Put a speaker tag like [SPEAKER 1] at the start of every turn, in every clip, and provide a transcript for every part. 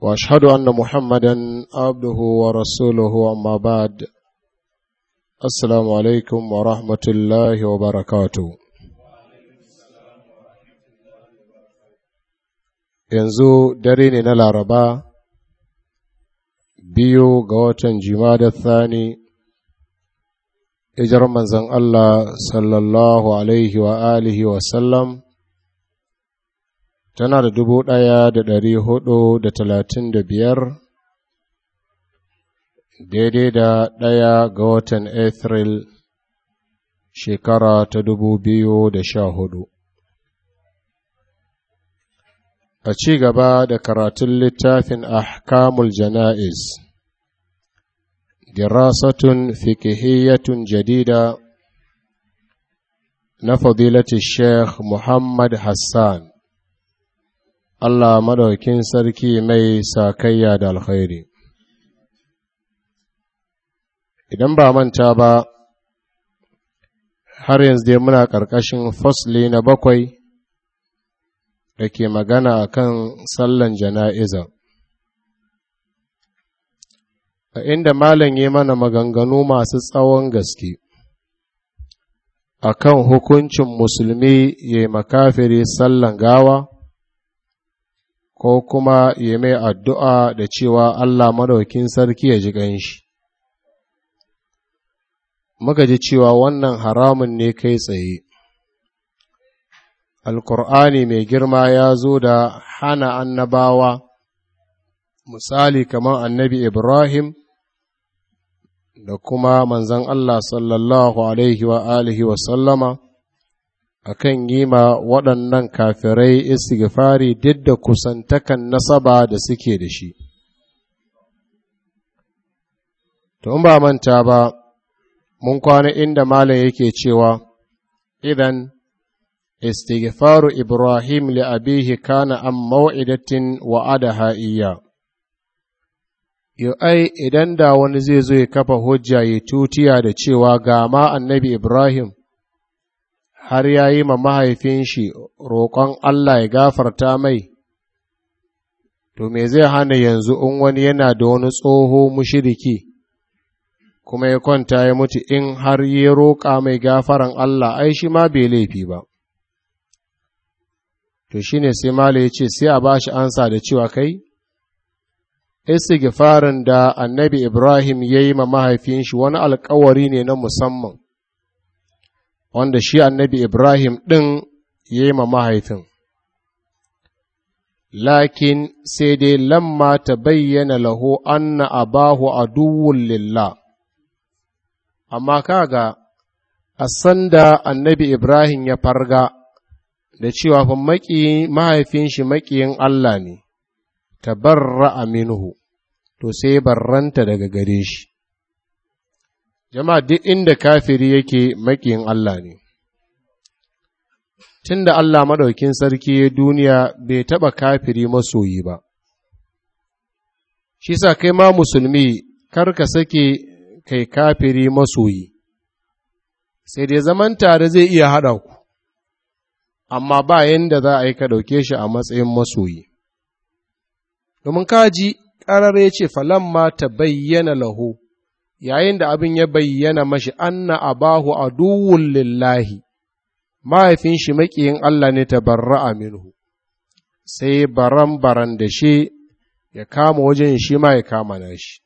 [SPEAKER 1] واشهد ان محمدا عبده ورسوله اما بعد السلام عليكم ورحمه الله وبركاته yanzu dare ne na laraba biyu ga watan jimada thani ijar manzan allah sallallahu alaihi wa alihi wa sallam tana da dubu ɗaya da ɗari hudu da talatin da biyar daidai da ɗaya ga watan Afril shekara ta dubu biyu da sha hudu. A ci gaba da karatun littafin Ahkamul Jana'iz, dirasatun fikihiyatun jadida na fadilatun Sheikh Muhammad Hassan. Allah madaukin sarki mai sakayya da alkhairi. Idan ba manta ba, har yanzu dai muna ƙarƙashin fasli na bakwai da ke magana a kan sallan jana'iza. A inda malam yi mana maganganu masu tsawon gaske, a kan hukuncin musulmi ya makafiri sallan gawa, ko kuma ya mai addu'a da cewa Allah madaukin sarki ya ji ganshi. Muka ji cewa wannan haramun ne kai tsaye. Alƙur'ani mai girma ya zo da hana annabawa, misali kamar annabi Ibrahim da kuma manzan Allah sallallahu Alaihi wa alihi wa sallama, akan yi ma waɗannan kafirai istighfari duk da kusantakan nasaba da suke da shi to ba manta ba mun kwana inda malam yake cewa idan istighfaru ibrahim li kana an maw'idatin wa'adaha iya ai idan da wani zai zo ya kafa hujja ya tutiya da cewa ga ma annabi ibrahim har ya yi ma mahaifin shi roƙon Allah ya gafarta mai, to me zai hana yanzu in wani yana da wani tsoho mushiriki, kuma ya kwanta ya mutu in har ya roƙa mai gafaran Allah ai shi ma bai laifi ba. To shi ne sai Mala ya ce sai a ba shi ansa da cewa kai, istighfarin da annabi Ibrahim ya yi ma mahaifin shi wani alkawari ne na musamman. wanda shi annabi Ibrahim ɗin ya yi ma mahaifin. Lakin sai dai lamma ta bayyana laho anna abahu duwun lilla. Amma kaga, a sanda annabi Ibrahim ya farga da cewa fa mahaifin shi maƙiyin Allah ne, ta barra minhu to sai barranta daga gare shi. jama'a duk inda kafiri yake makiyin Allah ne tunda Allah maɗaukin sarki ya duniya bai taɓa kafiri masoyi ba shi sa kai ma musulmi kar ka sake kai kafiri masoyi sai dai zaman tare zai iya haɗa ku amma ba yadda za a yi ka ɗauke shi a matsayin masoyi domin kaji ƙarar ya ce falamma ta bayyana laho yayin da abin ya bayyana mashi anna abahu aduwwun lillahi mahaifin shi maƙiyin Allah ne ta tabarra'a minhu sai baran baran da shi ya kama wajen shi ma ya kama na shi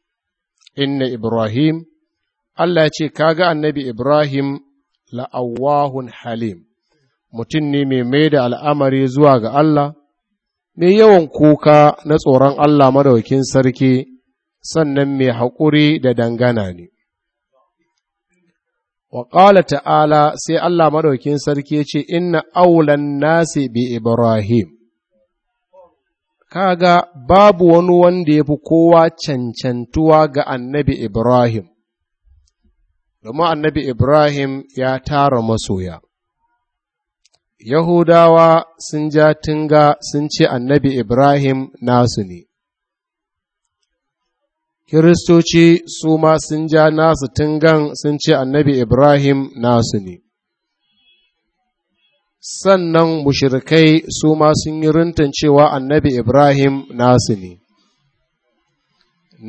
[SPEAKER 1] inna Ibrahim Allah ce kaga annabi Ibrahim la'awahun halim mutum ne mai mai da al'amari zuwa ga Allah mai yawan kuka na tsoron Allah madaukin sarki sannan mai haƙuri da dangana ne. Wa ƙala ta'ala sai Allah maɗaukin sarki ce, Inna aulan nasi bi Ibrahim, kaga babu wani wanda ya fi kowa cancantuwa ga annabi Ibrahim, domin annabi Ibrahim ya tara masoya. Yahudawa sun ja tunga sun ce annabi Ibrahim nasu ne. kiristoci su ma sun ja nasu tungan sun ce annabi ibrahim nasu ne sannan mushirikai su ma sun yi rintan cewa annabi ibrahim nasu ne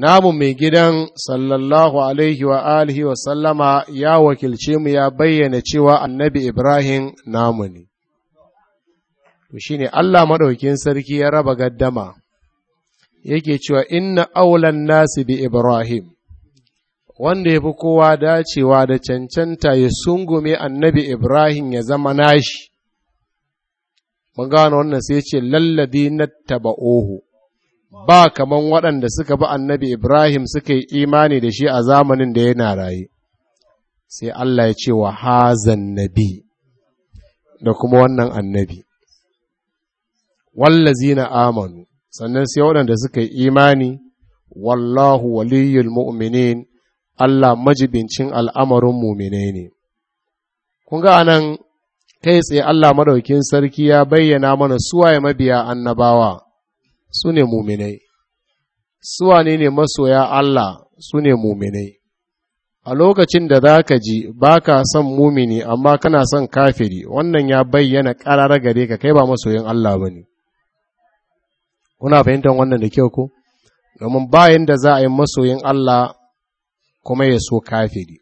[SPEAKER 1] namu mai gidan sallallahu alaihi wa alihi wa sallama ya wakilce mu ya bayyana cewa annabi ibrahim namu ne Shi shine allah maɗaukin sarki ya raba gaddama yake cewa inna aulan nasi bi Ibrahim, wanda ya fi kowa dacewa da cancanta ya sungume annabi Ibrahim ya zama nashi. Mun gano wannan sai ce lallabi na taba'ohu, ba kaman waɗanda suka bi annabi Ibrahim suka yi imani da shi a zamanin da yana raye. Sai Allah ya ce wa hazan nabi da kuma wannan annabi, wallazi na amanu. sannan sai waɗanda suka yi imani wallahu waliyyul mu'minin Allah majibincin al'amarin muminai ne kun ga nan, kai tsaye Allah maɗaukin sarki ya bayyana mana suwaye mabiya annabawa su ne muminai suwane ne masoya Allah su ne muminai a lokacin da za ka ji ba ka son mumini amma kana son kafiri wannan ya bayyana ƙarar gare ka kai ba masoyin Allah ba ne kuna fahimtar wannan da kyau ko domin bayan da za a yi masoyin Allah kuma ya so kafiri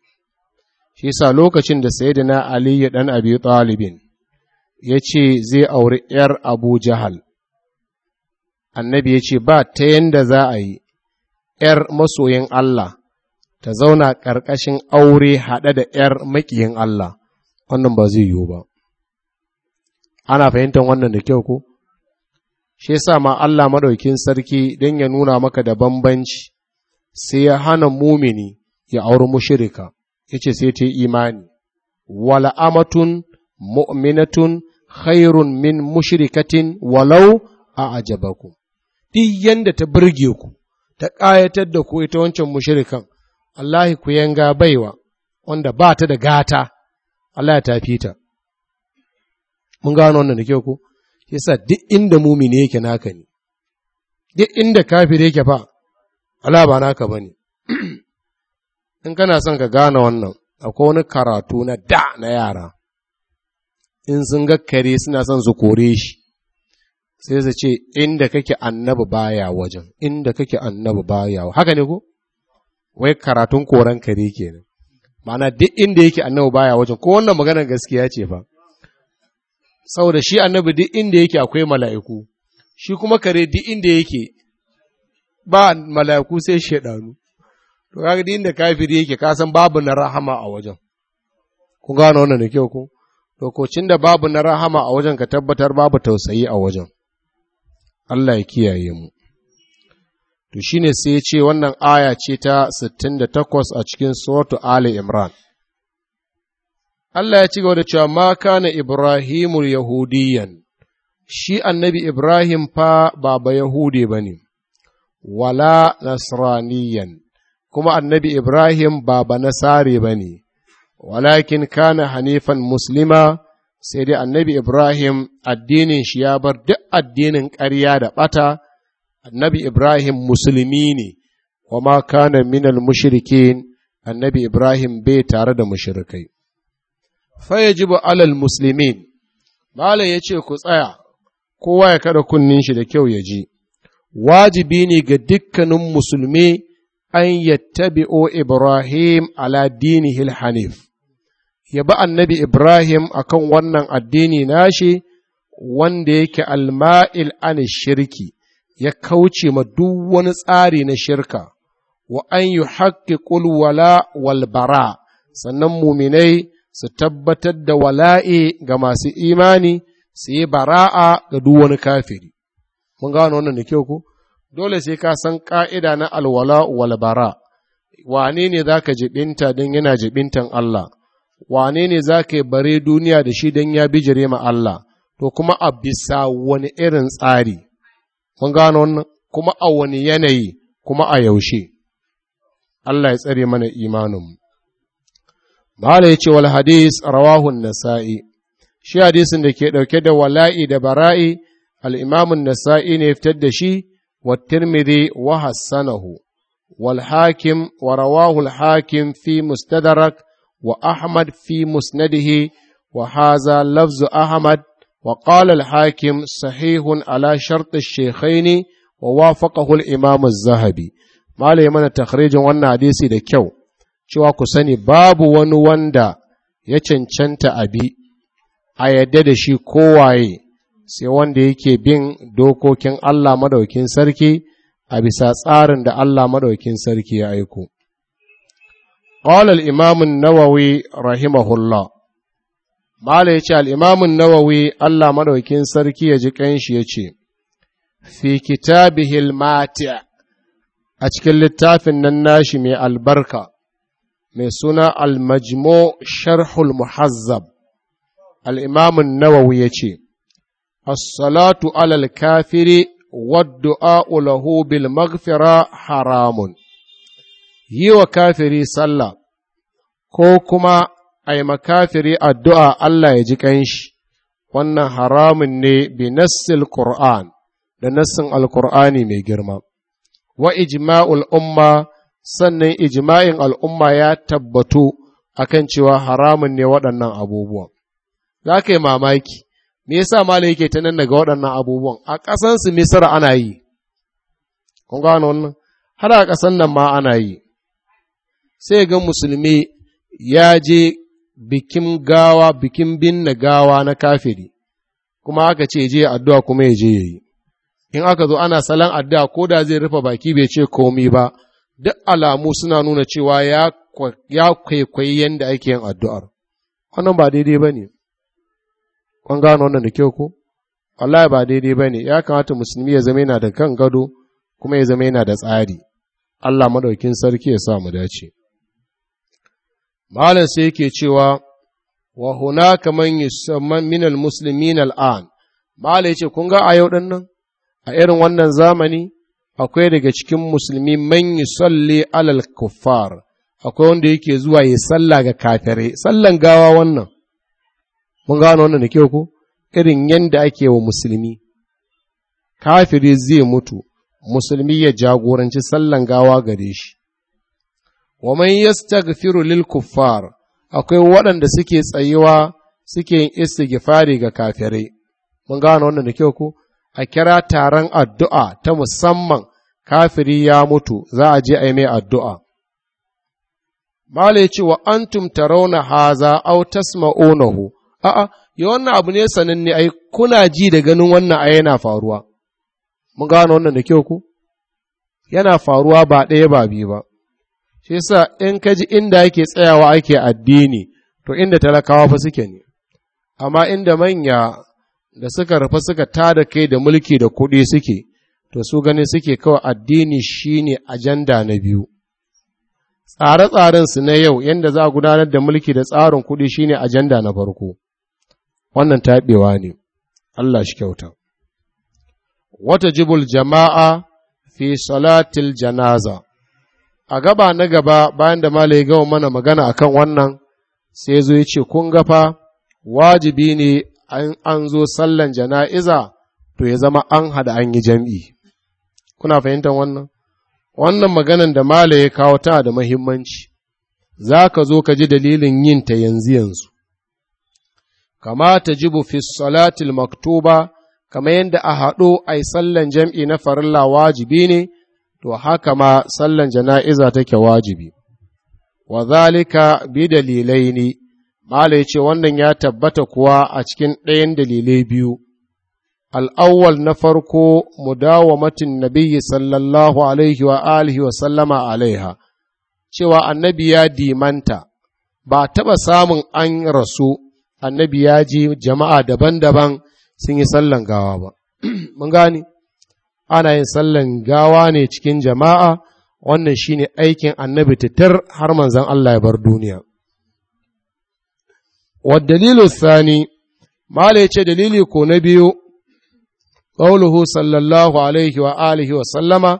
[SPEAKER 1] shi sa lokacin da sayyidina Ali ya dan Abi Talibin ya ce zai auri ‘yar Abu Jahal, annabi ya ce ba ta yanda za a yi ‘yar masoyin Allah ta zauna ƙarƙashin aure haɗe da ‘yar maƙiyin Allah, wannan ba zai yiwu ba. Ana fahimtar wannan da kyau ko? shi sa ma Allah maɗaukin sarki don ya nuna maka da bambanci sai ya hana mumini ya auri mushirika ce sai ta yi imani wala amatun mu'minatun hairun min mushrikatin walau a ajabaku duk yanda ta burge ku ta ƙayatar da ku ita wancan mushirikan Allah ku yanga baiwa wanda ba ta da gata Allah ya tafi ta mun gano wannan da kyau ku yasa duk inda mumini yake naka ne duk inda kafir yake fa ala ba naka bane in kana son ka gane wannan akwai wani karatu na da na yara in sun ga kare suna son su kore shi sai su ce inda kake annabi baya wajen inda kake annabi baya haka ne ko wai karatun koren kare kenan ma'ana duk inda yake annabi baya wajen ko wannan maganar gaskiya ce fa saboda shi annabi duk inda yake akwai mala'iku shi kuma kare duk inda yake ba mala'iku sai shaidanu to kaga duk inda kafiri yake kasan babu na rahama a wajen ku gano wannan da kyau ko kocin da babu na rahama a wajen ka tabbatar babu tausayi a wajen Allah ya kiyaye mu to shine sai ce wannan aya ce ta 68 a cikin suratu Ali Imran Allah ya ci gaba da cewa ma kana Ibrahimu Yahudiyan, shi annabi Ibrahim fa baba Yahudi ba ne, wala Nasraniyan, kuma annabi Ibrahim baba Nasare ba ne, walakin kana hanifan Muslima, sai dai annabi Ibrahim addinin shi ya bar duk addinin ƙarya da ɓata, annabi Ibrahim musulmi ne, Kuma kana minal mushrikin annabi Ibrahim bai tare da mushrikai. ji alal muslimin malam ya ce ku tsaya kowa ya kada kunnin shi da kyau ya ji wajibi ne ga dukkanin musulmi an yattabi'o ibrahim ala hil hanif ya bi annabi ibrahim a kan wannan addini nashi wanda yake alma'il an shirki ya kauce ma duk wani tsari na shirka wa an yi haƙƙi wala walbara sannan muminai su tabbatar da wala'i ga masu imani su yi bara'a ga duk wani kafiri mun gano wannan da kyau ko dole sai ka san ƙa'ida na alwala wal bara wane ne za ka jibinta don yana jibintan Allah wane ne za ka bare duniya da shi don ya bijire ma Allah to kuma a bisa wani irin tsari mun gano wannan kuma a wani yanayi kuma a yaushe Allah ya tsare mana imaninmu Mala ya ce wal hadis rawahun nasa'i, shi hadisin da ke ɗauke da wala'i da bara'i al'imamun nasa'i ne fitar da shi wa tirmidhi wa hassanahu, wal hakim wa rawahul hakim fi mustadarak wa Ahmad fi musnadihi wa haza lafzu Ahmad wa ƙalal hakim sahihun ala shart al wa wafaqahu al-imam zahabi Mala ya mana takhrijin wannan hadisi da kyau. cewa ku sani babu wani wanda ya cancanta abi a yadda da shi kowaye sai wanda yake bin dokokin Allah madaukin sarki a bisa tsarin da Allah madaukin sarki ya aiko. Ƙwalar imamun nawawi rahimahullah Mala ya ce al'imamun nawawi Allah madaukin sarki ya ji ƙanshi ya ce, Fi kitabihil mati a cikin littafin nan nashi mai albarka, mai suna al-majmu sharhul muhazzab al-imamun nawawi ya ce as-salatu alal kafiri wadda'a lahu bil maghfira haramun yi wa kafiri sallah ko kuma a yi makafiri addu'a Allah ya ji kanshi wannan haramun ne bi nassil Qur'an da nassin alkur'ani mai girma wa ijma'ul umma sannan ijma'in al'umma ya tabbatu akan cewa haramun ne waɗannan abubuwan za ka yi mamaki me yasa mala yake ta nan daga waɗannan abubuwan a ƙasansu misira ana yi kun gano wannan har a ƙasan nan ma ana yi sai ga musulmi ya je bikin gawa bikin binne gawa na kafiri kuma aka ce je addu'a kuma ya je ya yi. in aka zo ana salon addu'a ko da zai rufe baki bai ce komi ba duk alamu suna nuna cewa ya kwaikwayi yadda ake yin addu'ar wannan ba daidai ba ne kun gano wannan da kyau ko wallahi ba daidai ba ne ya kamata musulmi ya zama yana da kan gado kuma ya zama yana da tsari Allah maɗaukin sarki ya sa mu dace malam sai yake cewa wa huna hunaka man saman minal almuslimin al'an malai yace kun ga a yau din nan a irin wannan zamani akwai daga cikin musulmi man tsalle alal kuffar akwai wanda yake zuwa ya salla ga kafirai sallan gawa wannan mun gano wannan da kyau ku irin yadda ake wa musulmi kafiri zai mutu musulmi ya jagoranci sallan gawa gare shi wa man yastaghfiru lil kuffar akwai waɗanda suke tsayuwa suke yin istighfari ga kafirai mun gano wannan da kyau ku a kira taron addu'a ta musamman kafiri ya mutu za a je a yi mai addu'a. Malai ce wa antum tarauna haza au tasma'unahu, a'a, yi wannan abu ne sananne ai kuna ji da ganin wannan a yana faruwa. Mun gano wannan da kyau ku? Yana faruwa ba ɗaya ba biyu ba. Shi yasa in ka ji inda ake tsayawa ake addini, to inda talakawa fa suke ne. Amma inda manya da suka rufa suka tada kai da mulki da kuɗi suke, to su gani suke kawai addini shine ajanda na biyu tsare-tsaren su na yau yadda za a gudanar da mulki da tsarin kuɗi shine ajanda na farko wannan taɓewa ne Allah shi kyauta wata jibul jama'a fi salatil janaza a gaba na gaba bayan da mala ya gawa mana magana akan wannan sai zo ya ce kun gafa wajibi ne an zo sallan jana'iza to ya zama an hada an yi jam'i kuna fahimtar wannan wannan maganan da mala ya kawo ta da mahimmanci za ka zo ka ji dalilin yin ta yanzu yanzu kama ta jibu fi salatil maktuba kamar yadda a haɗo a yi sallan jam'i na farilla wajibi ne to haka ma sallan jana'iza take wajibi wa zalika bi dalilai ne mala ya ce wannan ya tabbata kuwa a cikin ɗayan dalilai biyu al'awwal na farko mudawamatin nabiyyi sallallahu alaihi wa alihi wa sallama alaiha cewa annabi ya dimanta ba taɓa samun an rasu annabi ya ji jama'a daban-daban sun yi sallan gawa ba mun gani ana yin sallan gawa ne cikin jama'a wannan shine aikin annabi titir har manzan Allah ya bar duniya wa dalilin sani mala yace dalili ko na biyu qawluhu sallallahu alaihi wa alihi wa sallama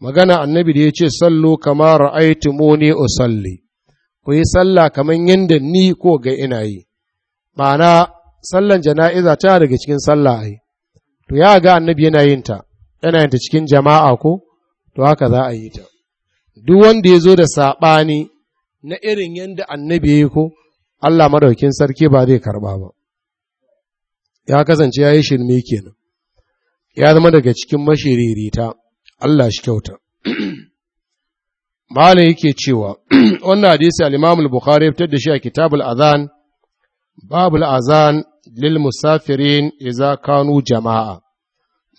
[SPEAKER 1] magana annabi da ya ce sallu kama ra'aytumuni usalli ku yi sallah kamar yadda ni ko ga ina yi ma'ana sallan jana'iza tana daga cikin sallah to ya ga annabi yana yin ta yana cikin jama'a ko to haka za a yi ta duk wanda ya zo da saɓani na irin yadda annabi ya yi ko Allah madaukin sarki ba zai karɓa ba ya kasance ya yi shirme kenan ya zama daga cikin mashiririta Allah shi kyauta Malam yake cewa wannan hadisi al’imamul bukhari fitar da shi a Kitabul Azan Babul Azan lil musafirin iza kanu jama'a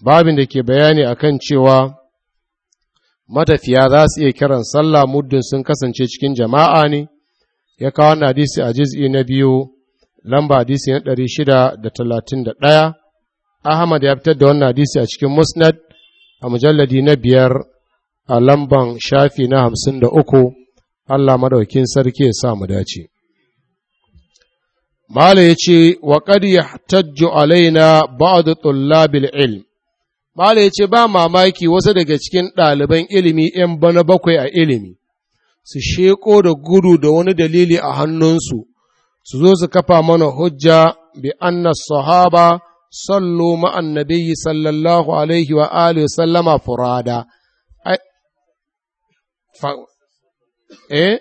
[SPEAKER 1] babin da ke bayani a kan cewa matafiya za su iya kiran sallah muddin sun kasance cikin jama'a ne ya kawo wannan hadisi a juz'i na biyu lamba hadisi na ɗari shida da talatin da ɗaya Ahmad ya fitar da wannan hadisi a cikin Musnad a mujalladi na biyar a lamban shafi na hamsin da uku Allah madaukin sarki ya sa mu dace. Malam ya ce, wa ƙadi ya tajju alaina ba'adu tullabil ilm. Malam ya ce, ba mamaki wasu daga cikin ɗaliban ilimi ‘yan bana bakwai a ilimi, su sheko da gudu da wani dalili a hannunsu, su zo su kafa mana hujja bi anna sahaba sallu ma'an nabiyyi sallallahu alaihi wa alihi sallama furada eh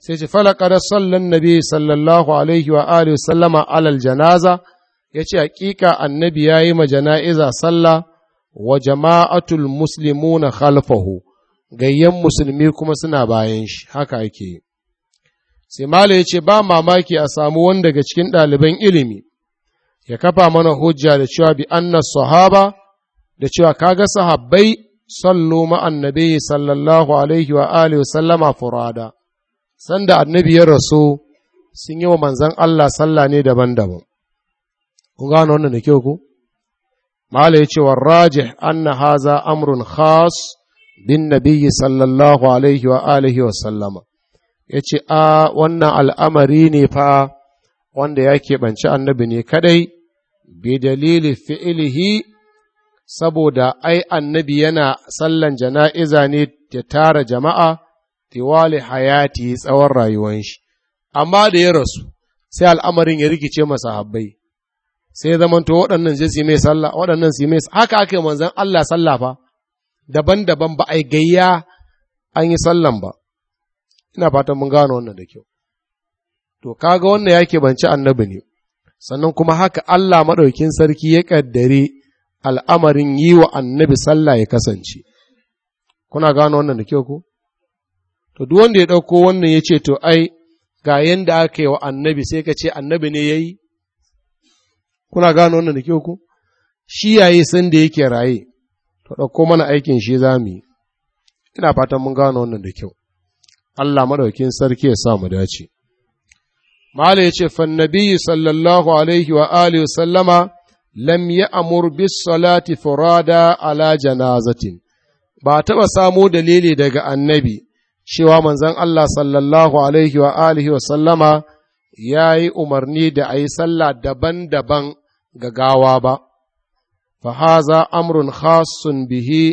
[SPEAKER 1] sai ce falaka da sallan nabi sallallahu alaihi wa alihi sallama alal janaza ya ce hakika annabi ya yi ma jana'iza sallah wa jama'atul muslimuna khalfahu gayyan musulmi kuma suna bayan shi haka yake sai mala ya ce ba mamaki a samu wanda daga cikin ɗaliban ilimi ya kafa mana hujja da cewa bi anna sahaba da cewa kaga sahabbai sallu ma Annabi sallallahu alaihi wa alihi sallama furada sanda annabi ya rasu sun yi wa manzon Allah sallah ne daban-daban ku gano wannan da kyau ku mala ya ce wa rajih anna haza amrun khas bin nabi sallallahu alaihi wa alihi wa sallama ya a wannan al'amari ne fa wanda yake banci annabi ne kadai bi dalili fi'ilihi saboda ai annabi yana sallan jana'iza ne ta tara jama'a tiwali hayati tsawon rayuwan shi amma da ya rasu sai al'amarin ya rikice masa habbai sai ya zamanto waɗannan je su mai sallah waɗannan su mai haka aka yi Allah sallah fa daban-daban ba ai gayya an yi sallan ba ina fatan mun gano wannan da kyau to kaga wannan yake banci annabi ne sannan kuma haka Allah maɗaukin sarki ya ƙaddare al'amarin yi wa annabi sallah ya kasance. Kuna gano wannan da kyau ko? To, duk wanda ya ɗauko wannan ya ce, To, ai, ga yadda aka yi wa annabi sai ka ce annabi ne ya yi? Kuna gano wannan da kyau ko? Shi yayi san da yake raye, to, ɗauko mana aikin shi za mu yi. Ina fatan mun gano wannan da kyau. Allah maɗaukin sarki ya sa mu dace. mala ya ce fannabi sallallahu alaihi wa alihi sallama lam ya amur bis salati furada ala janazatin ba taɓa samo dalili daga annabi cewa manzon Allah sallallahu alaihi wa alihi wa sallama ya yi umarni da a yi sallah daban-daban ga gawa ba fahaza amrun khasun bihi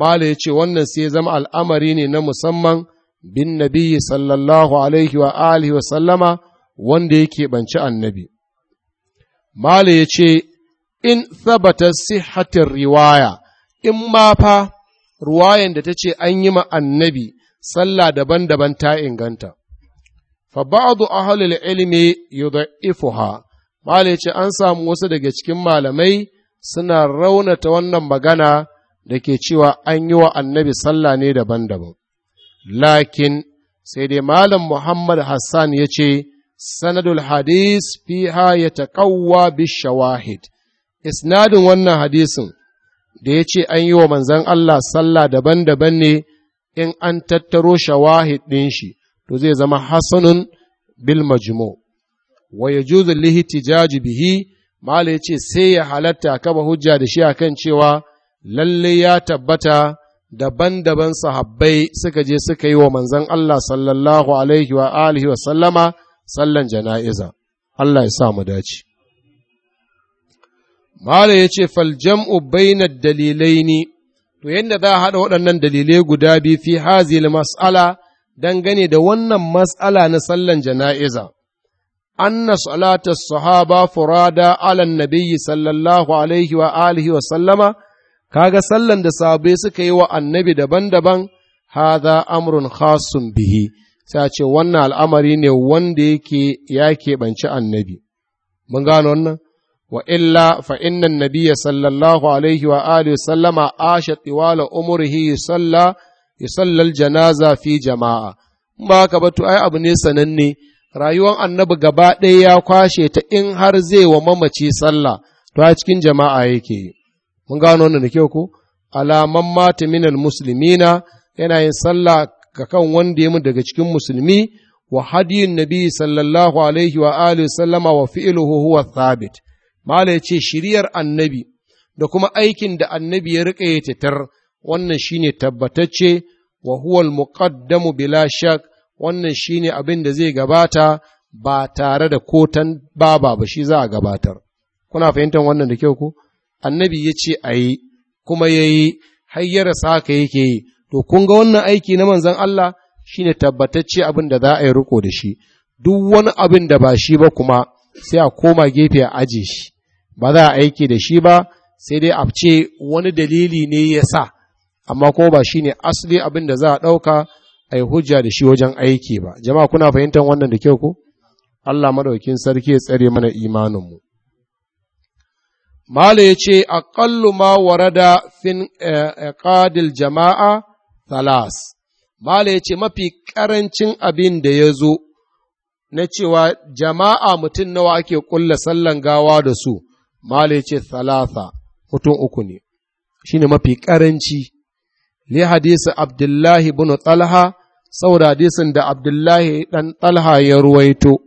[SPEAKER 1] mala ya ce wannan sai zama al'amari ne na musamman bin nabiyyi sallallahu alaihi wa alihi wa sallama wanda yake banci annabi Malam ya ce in sabata sihatin riwaya in ma fa ruwayan da ta ce an yi ma annabi sallah daban-daban ta inganta fa ba'du ahlul ilmi yudha'ifuha mala ya ce an samu wasu daga cikin malamai suna raunata wannan magana da ke cewa an yi wa annabi sallah ne daban-daban lakin sai dai malam muhammad hassan ya ce sanadul hadis fiha ya taƙawwa bishawahid isnadin wannan hadisin da ya ce an yi wa manzan Allah sallah daban-daban ne in an tattaro shawahid ɗin shi to zai zama hasanun bil majmu wa ya juzu lihtijaji bihi mala ya ce sai ya halatta kaba hujja da shi akan cewa lalle ya tabbata daban-daban sahabbai suka je suka yi wa manzan Allah sallallahu alaihi wa alihi wa sallama sallan jana'iza Allah ya sa mu dace Mala ya ce faljam'u bainar dalilai ne, to yadda za a haɗa waɗannan dalilai guda biyu fi hazil mas'ala dangane da wannan mas'ala na sallan jana'iza. Anna salata sahaba furada alan nabiyyi sallallahu alaihi wa alihi wa sallama, kaga sallan da sabai suka yi wa annabi daban-daban, haza amrun hasun bihi, sai a ce wannan al'amari ne wanda yake ya keɓanci annabi mun gano wannan wa illa fa innan nabiyya sallallahu alaihi wa alihi sallama asha tiwala umrihi yi yusalla janaza fi jama'a in ba haka ba ai abu ne sananne rayuwar annabi gaba ɗaya ya kwashe ta in har zai wa mamaci sallah to a cikin jama'a yake yi mun gano wannan da kyau ko alaman mata musulmina yana yin sallah ga kan wanda ya mu daga cikin musulmi wa hadiyin nabi sallallahu alaihi wa alihi sallama wa fi'luhu huwa thabit mala ya ce shiriyar annabi da kuma aikin da annabi ya riƙe ya titar wannan shine tabbatacce wa huwa muƙaddamu bila shak wannan shine abin da zai gabata ba tare da kotan baba ba shi za a gabatar kuna fahimtar wannan da kyau ko? annabi ya ce a yi kuma ya yi har ya rasa yake yi to kun ga wannan aiki na manzon Allah shi ne tabbatacce abin da za a yi riko da shi duk wani abin da ba shi ba kuma sai a koma gefe a aje shi ba za a aiki da shi ba sai dai a ce wani dalili ne ya sa amma ko ba shi ne asali abin da za a ɗauka a yi hujja da shi wajen aiki ba jama'a kuna fahimtar wannan da kyau ko Allah madaukin sarki ya tsare mana imaninmu Mala ya ce, Aƙallu ma warada fin ƙadil eh, jama'a Thalas, Mala ya ce mafi ƙarancin abin da ya zo na cewa jama'a mutum nawa ake ƙulla sallan gawa da su, Mala ya ce thalatha mutum uku ne, shi ne mafi ƙaranci, li hadisi Abdullahi bin Talha, saboda hadisin da Abdullahi ɗan Talha ya ruwaito,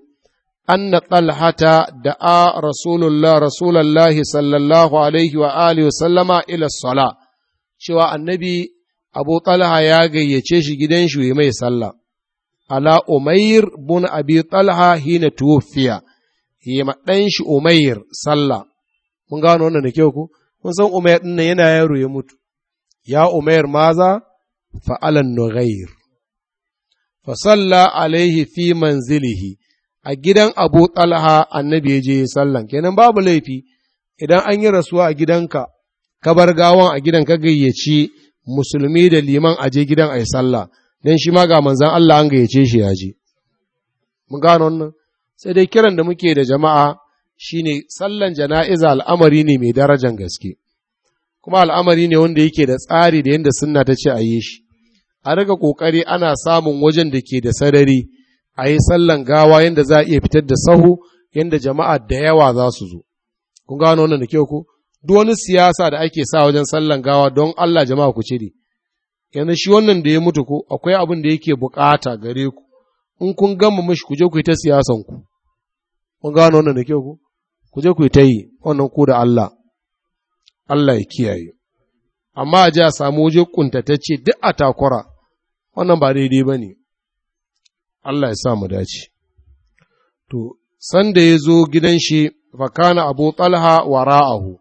[SPEAKER 1] anna Talhata da a Rasulullah Rasulullahi sallallahu alaihi wa alihi wa sallama ila sala, cewa annabi abu talha ya gayyace shi gidan shi yi mai sallah ala umair bun abi talha hina tuwfiya yi ma dan shi umair sallah mun gano wannan da kyau ku kun san umayr din yana yaro ya mutu ya umair maza fa'alan nughair fa salla alaihi fi manzilihi a gidan abu talha annabi yaje je sallan kenan babu laifi idan an yi rasuwa a gidanka ka bar gawan a gidan ka gayyace? musulmi da liman a je gidan a sallah dan shi ma ga manzan Allah an gayyace shi ya je mun gano wannan sai dai kiran da muke da jama'a shine sallan jana'iza al'amari ne mai darajan gaske kuma al'amari ne wanda yake da tsari da yanda sunna ta ce a yi shi a riga kokari ana samun wajen da ke da sarari a yi sallan gawa yadda za a iya fitar da sahu yanda jama'a da yawa za su zo kun gano wannan da kyau ko duk wani siyasa da ake sa wajen sallan gawa don Allah jama'a ku cire yanzu shi wannan da ya mutu ko akwai abin da yake bukata gare ku in kun gama mashi ku je ku yi ta siyasan ku kun gano wannan da kyau ku ku je ku yi ta yi wannan ku da Allah Allah ya kiyaye amma a ji a samu waje kuntatacce duk a takura wannan ba daidai ba ne Allah ya sa mu dace to sanda ya zo gidan shi fakana abu talha ra'ahu.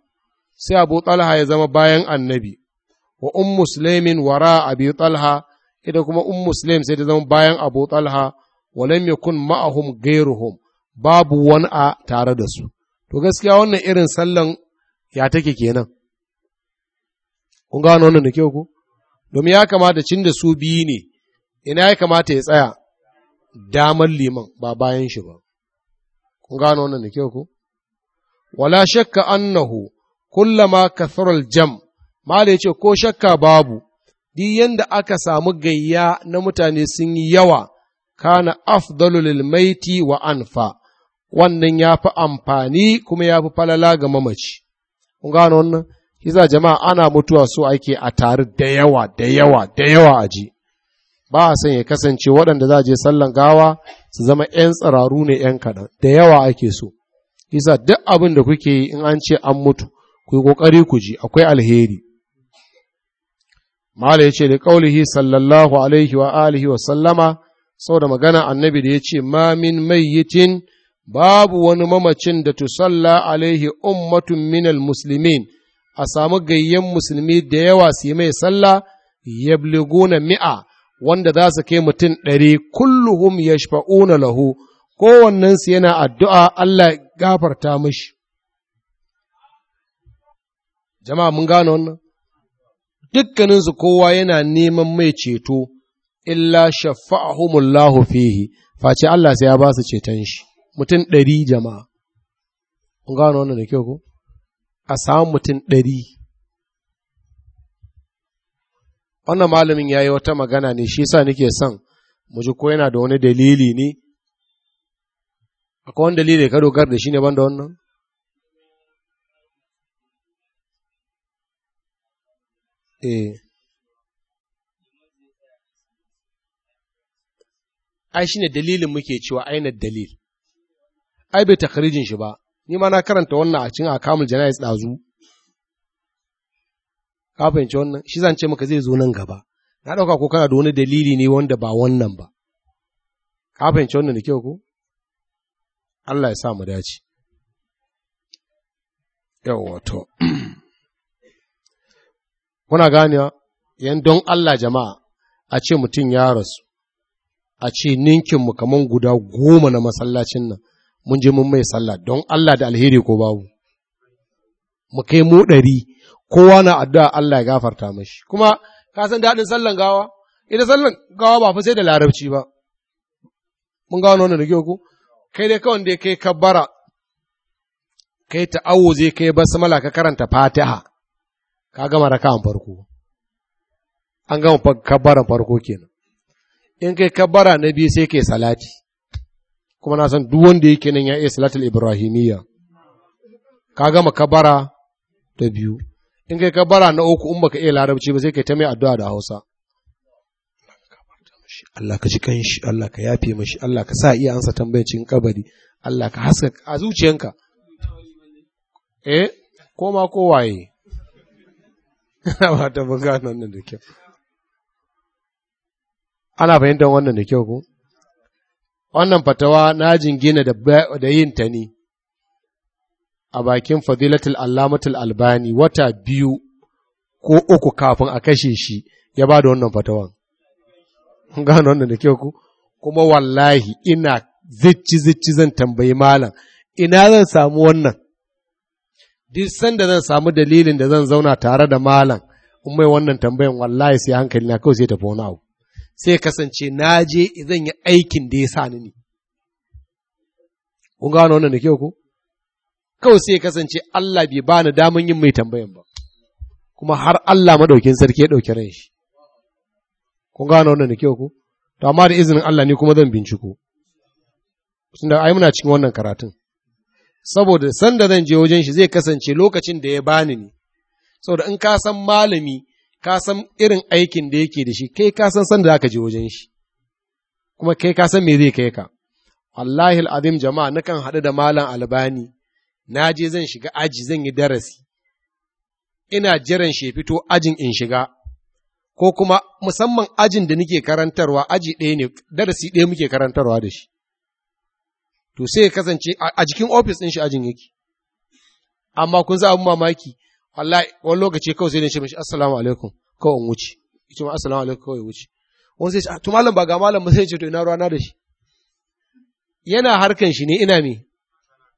[SPEAKER 1] sai abu talha ya zama bayan annabi wa um muslimin wara abi talha ita kuma um muslim sai ta zama bayan abu talha wa lam yakun ma'ahum ghayruhum babu wani a tare da su to gaskiya wannan irin sallan ya take kenan kun gano wannan da kyau ku domin ya kamata cin da su biyu ne ina ya kamata ya tsaya damar liman ba bayan shi ba kun gano wannan da kyau ku wala shakka annahu kullama kathural jam mala yace ko shakka babu Di yanda aka samu gayya na mutane sun yi yawa kana afdalu lil maiti wa anfa wannan ya fi amfani kuma ya fi falala ga mamaci kun gano wannan jama'a ana mutuwa so ake a tare da yawa da yawa da yawa a ji ba a son ya kasance waɗanda za a je sallan gawa su zama 'yan tsiraru ne 'yan kaɗan da yawa ake so Kisa duk abin da kuke yi in an ce an mutu ku yi ƙoƙari ku ji akwai alheri mala ya ce da ƙaulihi sallallahu alaihi wa alihi wa sallama saboda magana annabi da ya ce ma min mayyitin babu wani mamacin da tu salla alaihi ummatun minal muslimin a samu gayyen musulmi da yawa su yi mai sallah yabliguna mi'a wanda za su kai mutum ɗari kulluhum yashfa'una lahu kowannensu yana addu'a Allah gafarta mishi jama'a mun gano wannan dukkaninsu kowa yana neman mai ceto illa shafa'ahumullahu fihi face Allah sai ya ba su ceton shi mutum ɗari jama'a mun gano wannan da kyau ko a samu mutum ɗari wannan malamin ya yi wata magana ne shi sa nake son mu ji ko yana da wani dalili ne akwai wani dalili ka dogar da shi ne ban da wannan ai eh. ai shine dalilin muke cewa ainihin dalil ai bai takarijin shi ba ni ma na karanta wannan a cikin kamun janayis dazu ka fahimci wannan shi zan ce maka zai zo nan gaba na ɗauka ko kana da wani dalili ne wanda ba wannan ba ka fahimci wannan da kyau ko Allah ya sa mu dace yawwa to Kuna ganewa, yan don Allah jama'a, a ce mutum ya rasu, a ce ninkinmu kamar guda goma na masallacin nan, mun je mun mai sallah don Allah da alheri ko babu. Mu kai mu ɗari, kowa na addu'a Allah ya gafarta mashi. Kuma, ka san daɗin sallan gawa? Ita sallan gawa ba fa sai da larabci ba. Mun gawa wannan da ku? Kai dai kawai dai kai kabbara, kai ta'awu zai kai basmala ka karanta fatiha. ka gama raka'an farko an gama kabbaran farko kenan in kai kabbara na biyu sai kai salati kuma na san duk wanda yake nan ya iya salatul ibrahimiyya ka gama kabbara ta biyu in kai kabbara na uku in baka iya larabci ba sai kai ta mai addu'a da Hausa Allah ka ji kanshi Allah ka yafe mashi Allah ka sa iya ansa tambayar cikin kabari Allah ka haska a zuciyanka eh koma waye? mun wannan da kyau. Ana fahimtar wannan da kyau ko? Wannan fatawa na jingina da yin ta ne a bakin fadilatul allamatul albani wata biyu ko uku kafin a kashe shi ya ba da wannan fatawan. Mun gano wannan da kyau ko? Kuma wallahi ina zicci zicci zan tambayi malam ina zan samu wannan duk sanda zan samu dalilin da zan zauna tare da malam in mai wannan tambayan wallahi sai hankali na kawai sai tafi wani abu sai kasance na je zan yi aikin da ya sa ni ne kun gano wannan da kyau ko kawai sai kasance Allah bai bani daman yin mai tambayan ba kuma har Allah madaukin sarki ya dauke ran shi kun gano wannan da kyau ko to amma da izinin Allah ni kuma zan binciko tunda ai muna cikin wannan karatun saboda sanda zan je wajen shi zai kasance lokacin da ya bani ne saboda in ka san malami ka san irin aikin da yake da shi kai ka san sanda zaka je wajen shi kuma kai ka san me zai kai ka wallahi al'azim jama'a nakan haɗu da malam albani na je zan shiga aji zan yi darasi ina jiran shi fito ajin in shiga ko kuma musamman ajin da nake karantarwa aji ɗaya ne darasi ɗaya muke karantarwa da shi to sai ya kasance a jikin ofis ɗin shi ajin yake amma kun za abin mamaki wallahi wani lokaci kawai sai ne ce mishi assalamu alaikum kawai wuce ita ma assalamu alaikum kawai wuce wani sai ce ah, to malam ba ga malam ba sai ce to ina ruwana da shi yana harkan shi ne ina me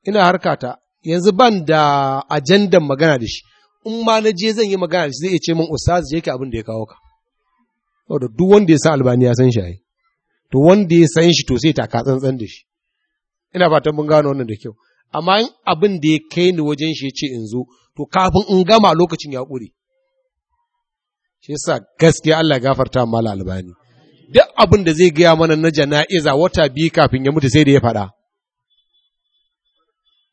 [SPEAKER 1] ina ta yanzu ban da ajandan magana da shi in ma na je zan yi magana da shi zai ce min ustaz je ki abin da ya kawo ka duk wanda ya san albani ya san shi ai to wanda ya san shi to sai ka tsantsan da shi ina fatan mun gano wannan da kyau amma in abin da ya kai ni wajen shi ya ce in zo to kafin in gama lokacin ya ƙure shi yasa gaskiya Allah ya gafarta mala albani duk abin da zai gaya mana na jana'iza wata biyu kafin ya mutu sai da ya faɗa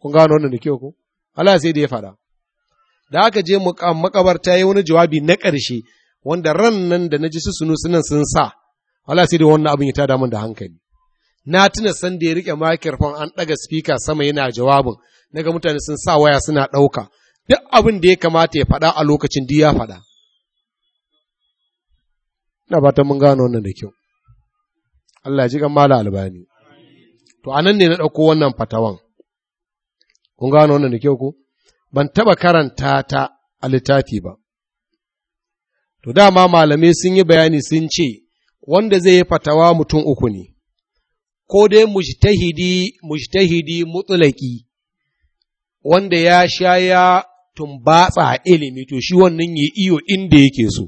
[SPEAKER 1] kun gano wannan da kyau ko Allah sai da ya faɗa da aka je makabarta yi wani jawabi na ƙarshe wanda ran nan da na ji su sunu sunan sun sa Allah sai da wannan abin ya tada min da hankali na tuna san da ya rike makirfon an ɗaga spika sama yana jawabin daga mutane sun sa waya suna ɗauka duk abin da ya kamata ya faɗa a lokacin duk ya faɗa na ba ta mun gano wannan da kyau Allah ya ji kan mala albani to anan ne na ɗauko wannan fatawan kun gano wannan da kyau ko ban taba karanta ta a littafi ba to dama malamai sun yi bayani sun ce wanda zai yi fatawa mutum uku ne ko dai mujtahidi mujtahidi mutsulaki wanda ya sha ya tumbatsa ilimi to shi wannan ya iyo inda yake so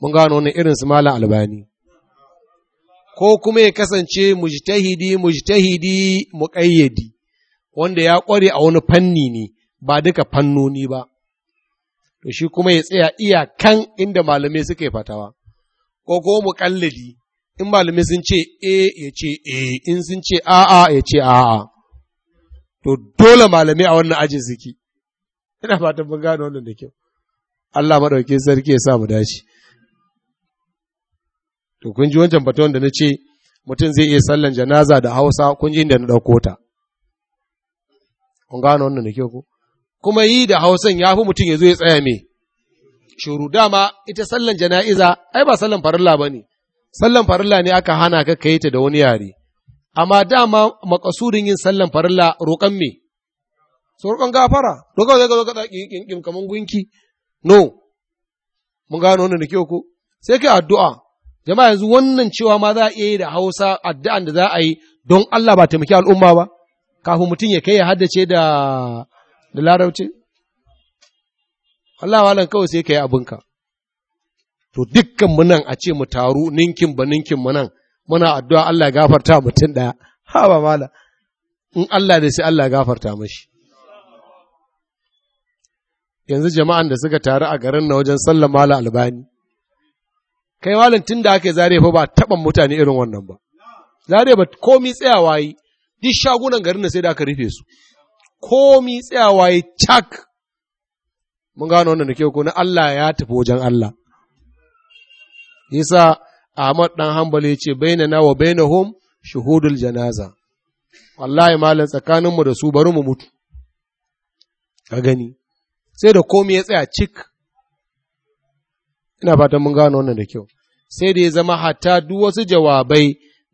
[SPEAKER 1] mun gano wannan irin su malam albani ko kuma ya kasance mujtahidi mujtahidi muqayyadi wanda ya ƙware a wani fanni ne ba duka fannoni ba to shi kuma ya tsaya iyakan inda malamai suka yi fatawa ko kuma muqallidi in malamai sun ce e ya ce e in sun ce a'a ya ce a'a to dole malami a wannan ajin ziki. ina fatan mun gano wannan da kyau Allah maɗauki sarki ya sa mu dace to kun ji wancan fata wanda na ce mutum zai iya sallan janaza da Hausa kun ji inda na ɗauko ta kun gano wannan da kyau ko kuma yi da Hausan ya fi mutum ya zo ya tsaya me shuru dama ita sallan jana'iza ai ba sallan farilla ne. sallan farilla ne aka hana ka kai ta da wani yare amma dama makasudin yin sallan farilla roƙon me so roƙon gafara roƙon zai zo ka kinkin kaman gunki no mun gano wannan da ke ko sai kai addu'a jama'a yanzu wannan cewa ma za a iya yi da Hausa addu'an da za a yi don Allah ba taimaki al'umma ba kafin mutum ya kai ya haddace da da larabci Allah walan kawai sai ka kai abinka to dukkan mu nan a ce mu taru ninkin ba ninkin mu nan muna addu'a Allah ya gafarta mutum ɗaya ha ba mala in Allah da sai Allah ya gafarta mashi yanzu jama'an da suka taru a garin na wajen sallar mala albani kai malam tun da aka zare fa ba taɓan mutane irin wannan ba zare ba komi tsayawa yi duk shagunan garin da sai da aka rufe su komi tsayawa yi cak mun gano wannan da ke ko na Allah ya tafi wajen Allah yasa Ahmad dan na yace bai wa hom shuhudul janaza wallahi malam tsakanin mu da su bari mu mutu ka gani sai da komai ya tsaya cik ina fatan mun gano wannan da kyau sai da ya zama hatta duk wasu jawabai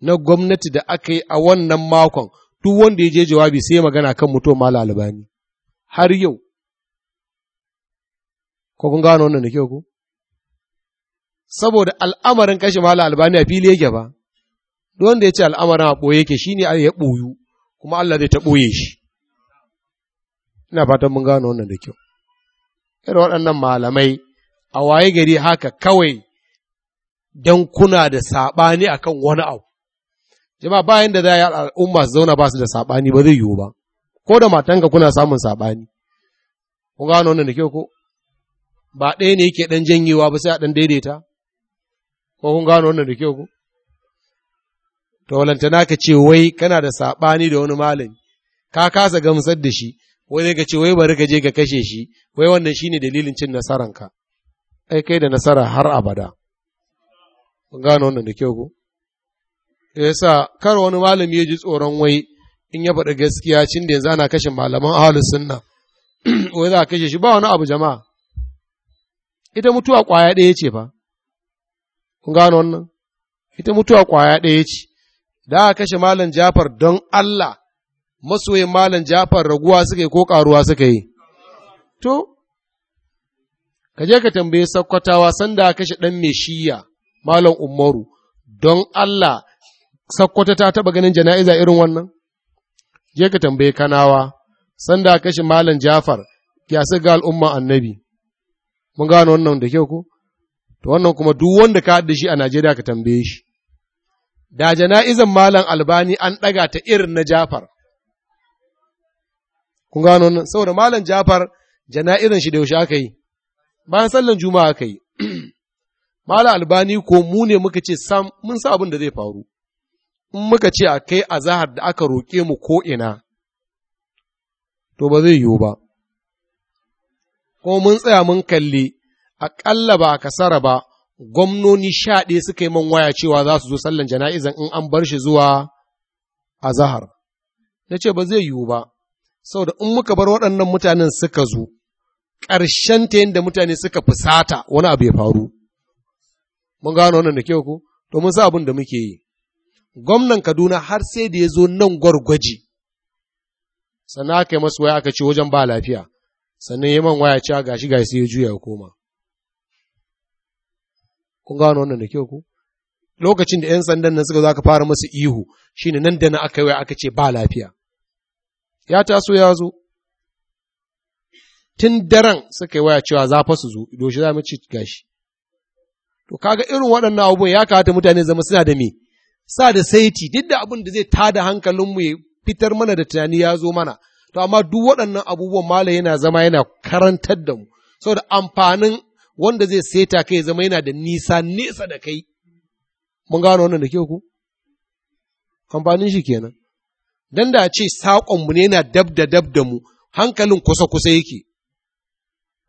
[SPEAKER 1] na gwamnati da aka yi a wannan makon duk wanda ya je jawabi sai magana kan mutuwar malam albani har yau ko kun gano wannan da kyau ko saboda al'amarin kashe mahala albani a fili yake ba don wanda ya ce al'amarin a ɓoye yake shine ya ɓoyu kuma Allah zai ta ɓoye shi ina fatan mun gano wannan da kyau irin waɗannan malamai a waye gari haka kawai don kuna da saɓani akan wani abu jama'a bayan da za a yi al'umma su zauna ba su da saɓani ba zai yiwu ba ko da matanka kuna samun saɓani kun gano wannan da kyau ko ba ɗaya ne yake ɗan janyewa ba sai a ɗan daidaita ko kun gano wannan da kyau ku to walantana ka ce wai kana da saɓani da wani malami ka kasa gamsar da shi wai zai ka ce wai bari ka je ka kashe shi wai wannan shine dalilin cin nasaranka ai kai da nasara har abada kun gano wannan da kyau ku yasa kar wani malami ya ji tsoron wai in ya faɗi gaskiya cin da yanzu ana kashe malaman ahlus sunna wai za a kashe shi ba wani abu jama'a ita mutuwa kwaya ɗaya ce fa kun gano wannan ita mutuwa kwaya ɗaya ce da aka kashe malam jafar don Allah masoyin malam jafar raguwa suka yi ko karuwa suka yi to ka je ka tambaye sakkwatawa sanda aka kashe ɗan shiya malam umaru don Allah sakkwata ta taɓa ganin jana'iza irin wannan je ka tambaye kanawa sanda aka kashe malam jafar ya su ga al'umma annabi mun gano wannan da kyau ko to wannan kuma duk wanda ka haɗa shi a Najeriya ka tambaye shi da jana'izan malam albani an ɗaga ta irin na Jafar kun gano nan saboda malam Jafar jana'izan shi da yaushe aka yi bayan sallan juma'a aka yi malam albani ko mu ne muka ce sam mun sa abin da zai faru in muka ce a kai azahar da aka roƙe mu ko ina to ba zai yiwu ba ko mun tsaya mun kalli aƙalla ba a kasara ba gwamnoni sha ɗaya suka yi man waya cewa za su zo sallan jana'izan in an bar shi zuwa a zahar. Ya ce ba zai yiwu ba, Sau da in muka bar waɗannan mutanen suka zo, ƙarshen ta yadda mutane suka fusata wani abu ya faru. Mun gano wannan da kyau ku, domin sa abin da muke yi. Gwamnan Kaduna har sai da ya zo nan gwargwaji, sannan aka yi masu waya aka ce wajen ba lafiya, sannan ya man waya cewa gashi gashi sai ya juya ya koma. kun gano wannan da kyau ku lokacin da 'yan sandan nan suka zaka fara masu ihu shine nan da na aka yi aka ce ba lafiya ya taso ya zo tun daren suka yi waya cewa za fa su zo doshi za mu ci gashi to kaga irin waɗannan abubuwan ya kawata mutane zama suna da me sa da saiti duk da abin da zai tada hankalinmu ya fitar mana da tunani ya zo mana to amma duk waɗannan abubuwan malai yana zama yana karantar da mu saboda amfanin wanda zai seta kai zama yana da nisa nesa da kai mun gano wannan da kyau ku amfanin shi kenan dan da a ce saƙonmu ne yana dab da dab da mu hankalin kusa kusa yake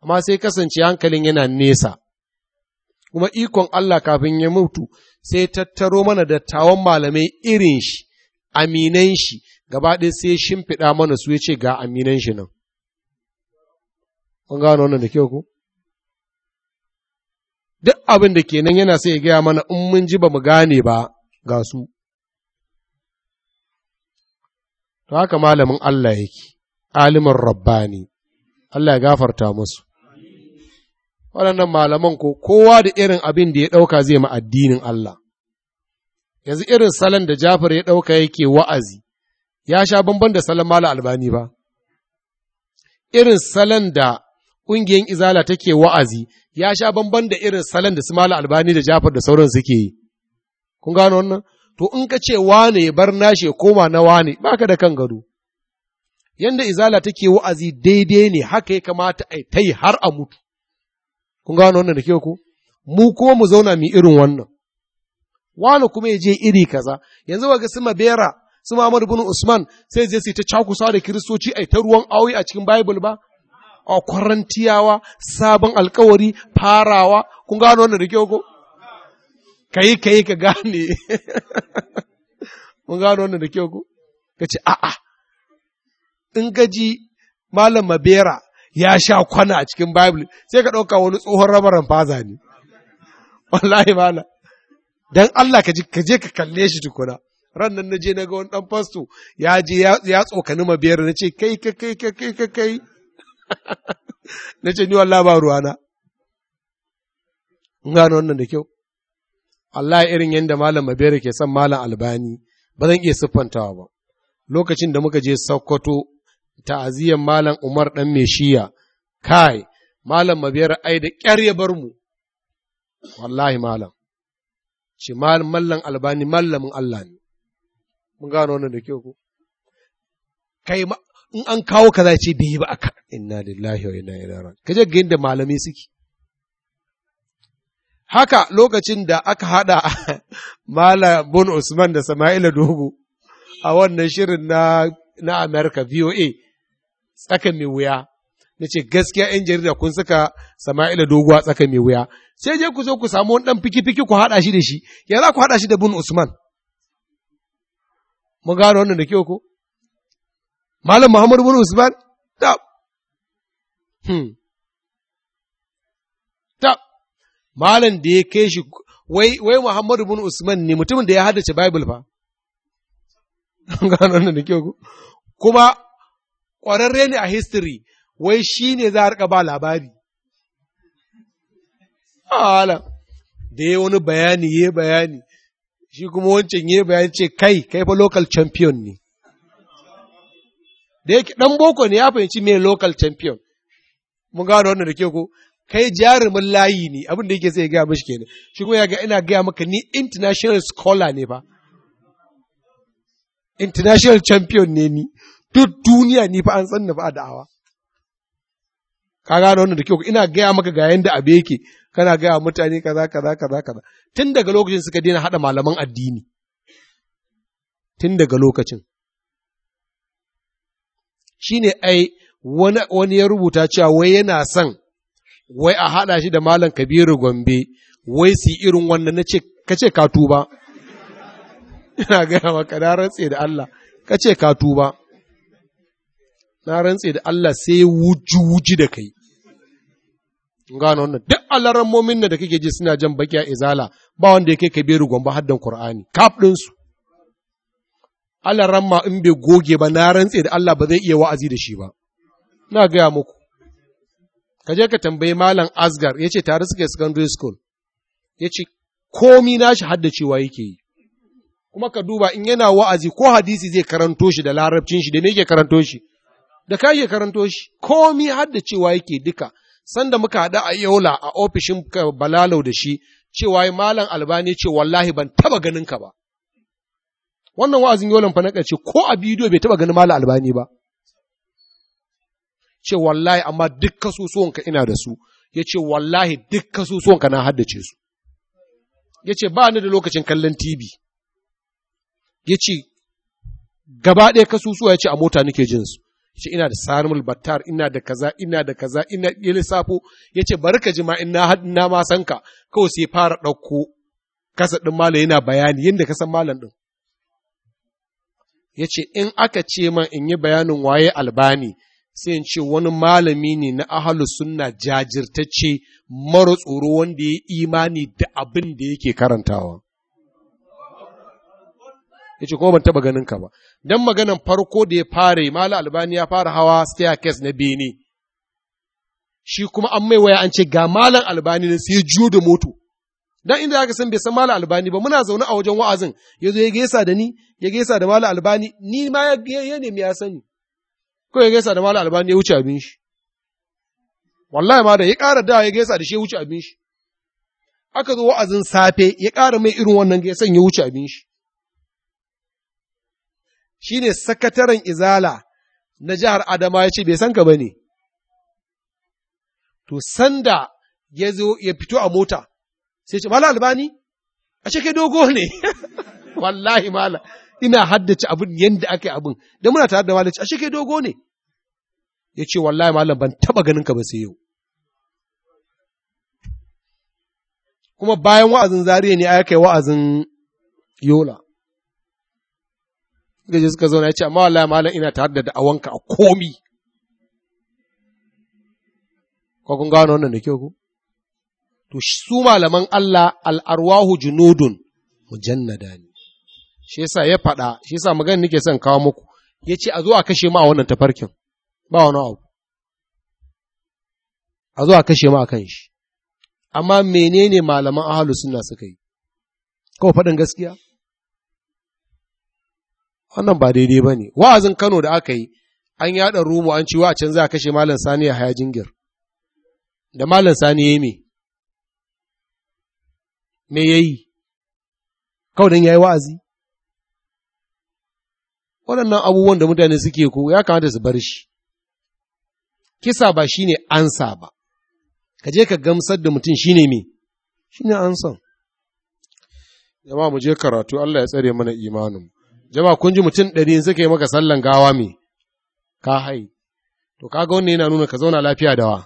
[SPEAKER 1] amma sai kasance hankalin yana nesa kuma ikon Allah kafin ya mutu sai tattaro mana dattawan malamai irin shi aminan shi gaba ɗaya sai shimfiɗa mana su ya ce ga aminan shi nan. Kun gano wannan da kyau ku? duk abin da kenan yana sai ya gaya mana in mun ji ba mu gane ba ga su to haka malamin Allah yake alimin rabbani Allah ya gafarta musu waɗannan malaman ko kowa da irin abin da ya ɗauka zai ma addinin Allah yanzu irin salon da Jafar ya ɗauka yake wa'azi ya sha bamban da salon Malam Albani ba irin salon da ƙungiyar izala take wa'azi ya sha bamban da irin salon da su albani da jafar da sauran suke yi kun gano wannan to in ka ce wane ya bar nashi ya koma na wane baka da kan gado yanda izala take wa'azi daidai ne haka ya kamata a ta yi har a mutu kun gano wannan da ke ku mu kuma mu zauna mu irin wannan wani kuma ya je iri kaza yanzu ga su bera su Muhammad bin Usman sai zai su ta cakusa da kiristoci a yi ta ruwan aure a cikin Bible ba a kwarantiyawa sabon alkawari farawa kun gano wannan da kyau ko Kai, kai, ka gane Kun gano wannan da kyau ko ka ce a'a in gaji malam mabera ya sha kwana a cikin bible sai ka ɗauka wani tsohon ramaran faza ne wallahi mala dan Allah ka je ka kalle shi tukuna ran nan na je na ga wani dan fasto ya je ya tsokani mabera na ce kai kai kai kai kai kai na ce ni wallah ba ruwana in gano wannan da kyau Allah irin yadda malam mabere ke son malam albani ba zan iya siffantawa ba lokacin da muka je sokoto ta'aziyyar malam umar dan meshiya kai malam mabere ai da ƙyar ya bar mu wallahi malam ce malam mallan albani mallamin Allah ne mun gano wannan da kyau ko kai in an kawo kaza ya ce bai yi ba aka inna lillahi wa inna ilaihi raji'un kaje ga yadda malami suke haka lokacin da aka hada malam bon Usman da Sama'ila Dogo a wannan shirin na na America VOA tsaka mai wuya na ce gaskiya ‘yan jarida kun suka sama'ila doguwa tsaka mai wuya sai je ku zo ku samu wani ɗan fiki-fiki ku haɗa shi da shi ya za ku haɗa shi da bon usman mun gano wannan da kyau ko Malam Muhammadu bin Usman? Tab. Hmm. Tab. Malam da ya kai shi, wai, wai Muhammadu bin Usman ne mutumin da ya haddace Bible fa. Gano da kyau ku. Kuma ƙwararre ne a history, wai shi ne za a rika ba labari. Ah, Ala, da ya wani bayani, ya bayani, shi kuma wancan ya bayani ce kai, kai fa local champion ne. da yake dan boko ne ya fahimci mai local champion mun gano wannan da ke ko kai jarumin layi ne abin da yake sai gaya mishi kenan shi kuma ya ga ina gaya maka ni international scholar ne fa international champion ne ni duk duniya ni fa an san na fa da'awa ka gano wannan da ke ku ina gaya maka ga yanda abe yake kana gaya mutane kaza kaza kaza kaza tun daga lokacin suka daina hada malaman addini tun daga lokacin Shi ne ai wani ya rubuta cewa wai yana son wai a haɗa shi da malam Kabiru Gombe wai su irin wannan na ce ka ce ka tuba ina gaya maka na rantse da Allah ka ce ka tuba na rantse da Allah sai wuji wuji da kai gano wannan duk alaran momin da kake ji suna jan bakiya a izala ba wanda ya kai kabiru gombe haddan Qur'ani kaf su Allah ranma in bai goge ba na rantse da Allah ba zai iya wa'azi da shi ba na gaya muku ka je ka tambayi malam asgar ya ce tare suke secondary school ya ce komi nashi haddacewa yake yi kuma ka duba in yana wa'azi ko hadisi zai karanto shi da larabcin shi da ne yake karanto shi da ka yake karanto shi komi haddacewa yake duka sanda muka haɗu a yola a ofishin balalau da shi cewa malam albani ce wallahi ban taba ganin ka ba wannan wa'azin yolan fa na ƙarshe ko a bidiyo bai taba gani malam albani ba ce wallahi amma duk kasusuwanka ina da su ya ce wallahi duk kasusuwanka na haddace su ya ce ba ni da lokacin kallon tv ya ce gaba ɗaya kasusuwa ya ce a mota nake jin su ya ce ina da sarmul battar ina da kaza ina da kaza ina ya lissafo ya ce bari ka jima ina na ma san ka kawai sai fara ɗauko kasa ɗin malam yana bayani yadda ka san malam ɗin ya ce in aka ce ma in yi bayanin waye albani sai in ce wani malami ne na ahalu sunna jajirtacce mara tsoro wanda ya imani da abin da yake karantawa ya ce kuma ban taɓa ganin ka ba don maganan farko da ya fara mala albani ya fara hawa staircase na bene shi kuma an mai waya an ce ga malam albani ne sai juyo da moto dan inda aka san bai san mala albani ba muna zaune a wajen wa'azin ya zo ya gaisa da ni ya gaisa da mala albani ni ma ya nemi ya sani ko ya gaisa da mala albani ya wuce abin shi wallahi ma da ya ƙara da ya gaisa da shi ya wuce abin shi aka zo wa'azin safe ya ƙara mai irin wannan gaisan ya wuce abin shi shine sakataren izala na jihar adama ya ce bai san ka ba ne to sanda ya zo ya fito a mota sai ce Wala albani a kai dogo ne wallahi mala ina haddace abin yadda aka yi abin da muna tare da malaci a kai dogo ne ya ce wallahi malam ban taba ganin ka ba sai yau kuma bayan wa'azin zariya ne aka yi wa'azin yola suka je suka zauna ya ce amma wallahi malam ina tare da da'awanka a komi ko kun gano wannan da kyau ku to su malaman Allah al'arwahu junudun mujannada ne, shi yasa ya faɗa, shi yasa magana nake son kawo muku, ya ce a zo a kashe ma a wannan tafarkin, ba wani abu, a zo a kashe ma a kan shi, amma menene malaman ahalu suna suka yi, kawo faɗin gaskiya? Wannan ba daidai ba ne, wa'azin Kano da aka yi, an yaɗa rumu an ci wa a can za a kashe malam sani a haya jingir, da malam sani ya yi me ya yi, kawai don ya yi wa'azi? Waɗannan abubuwan da mutane suke ko ya kamata su bar shi, kisa ba shi ne ansa ba, ka je ka gamsar da mutum shi ne me, shi ne ansan. Jama'a mu je karatu Allah ya tsare mana imanin. Jama kun ji mutum ɗari suka yi maka sallan gawa me, ka hai, to kaga wani yana nuna ka zauna lafiya da wa,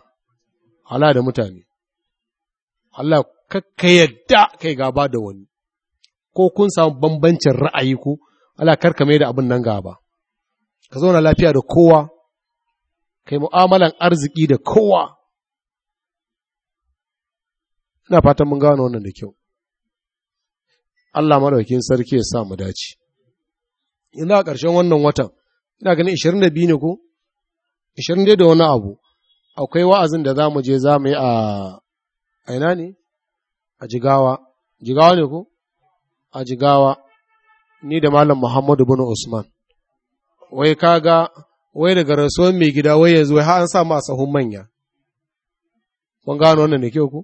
[SPEAKER 1] hala da mutane. Allah kakka yadda kai gaba da wani, ko kun samu bambancin ra'ayi ko ala karka mai da abin nan gaba, ka zauna lafiya da kowa, kai mu'amalan arziki da kowa. Ina fatan mun gano wannan da kyau. Allah maɗaukin sarki ya sa mu dace. Ina a ƙarshen wannan watan, ina ganin ishirin da biyu ne ko? Ishirin da wani abu, akwai wa'azin da za mu je za mu yi a aina ne? a jigawa jigawa ne ku? a jigawa ni da malam muhammadu bin usman wai kaga wai daga rasuwan mai gida wai yanzu wai har an sa ma hun manya Kun gano wannan da kyau ku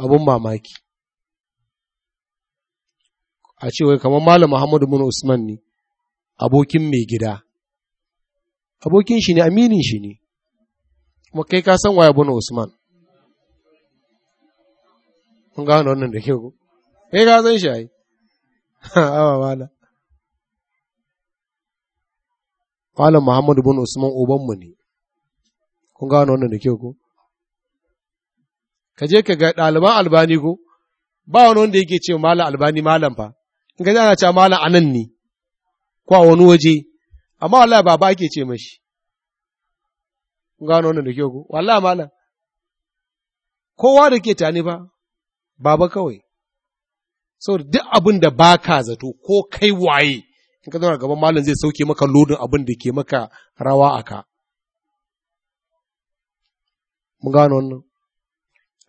[SPEAKER 1] abun mamaki a ce wai kamar malam muhammadu bin usman ne abokin mai gida abokin shi ne aminin shi ne kuma kai ka san waya bin usman kun wani wannan da kyau kai ka eh, san shi ai awa mala malam muhammadu bin usman mu ne kun gano wannan da kyau ko ka je ka ga ɗaliban albani ko ba wani wanda yake ce malam albani malam fa in ka ana cewa malam anan ne ko a wani waje amma wallahi baba ake ce mashi kun gano wannan da kyau ko wallahi malam kowa da ke tani ba baba kawai saboda duk abin da baka zato ko kai waye in ka zauna gaban malam zai sauke maka lodin abin da ke maka rawa a ka mun gano wannan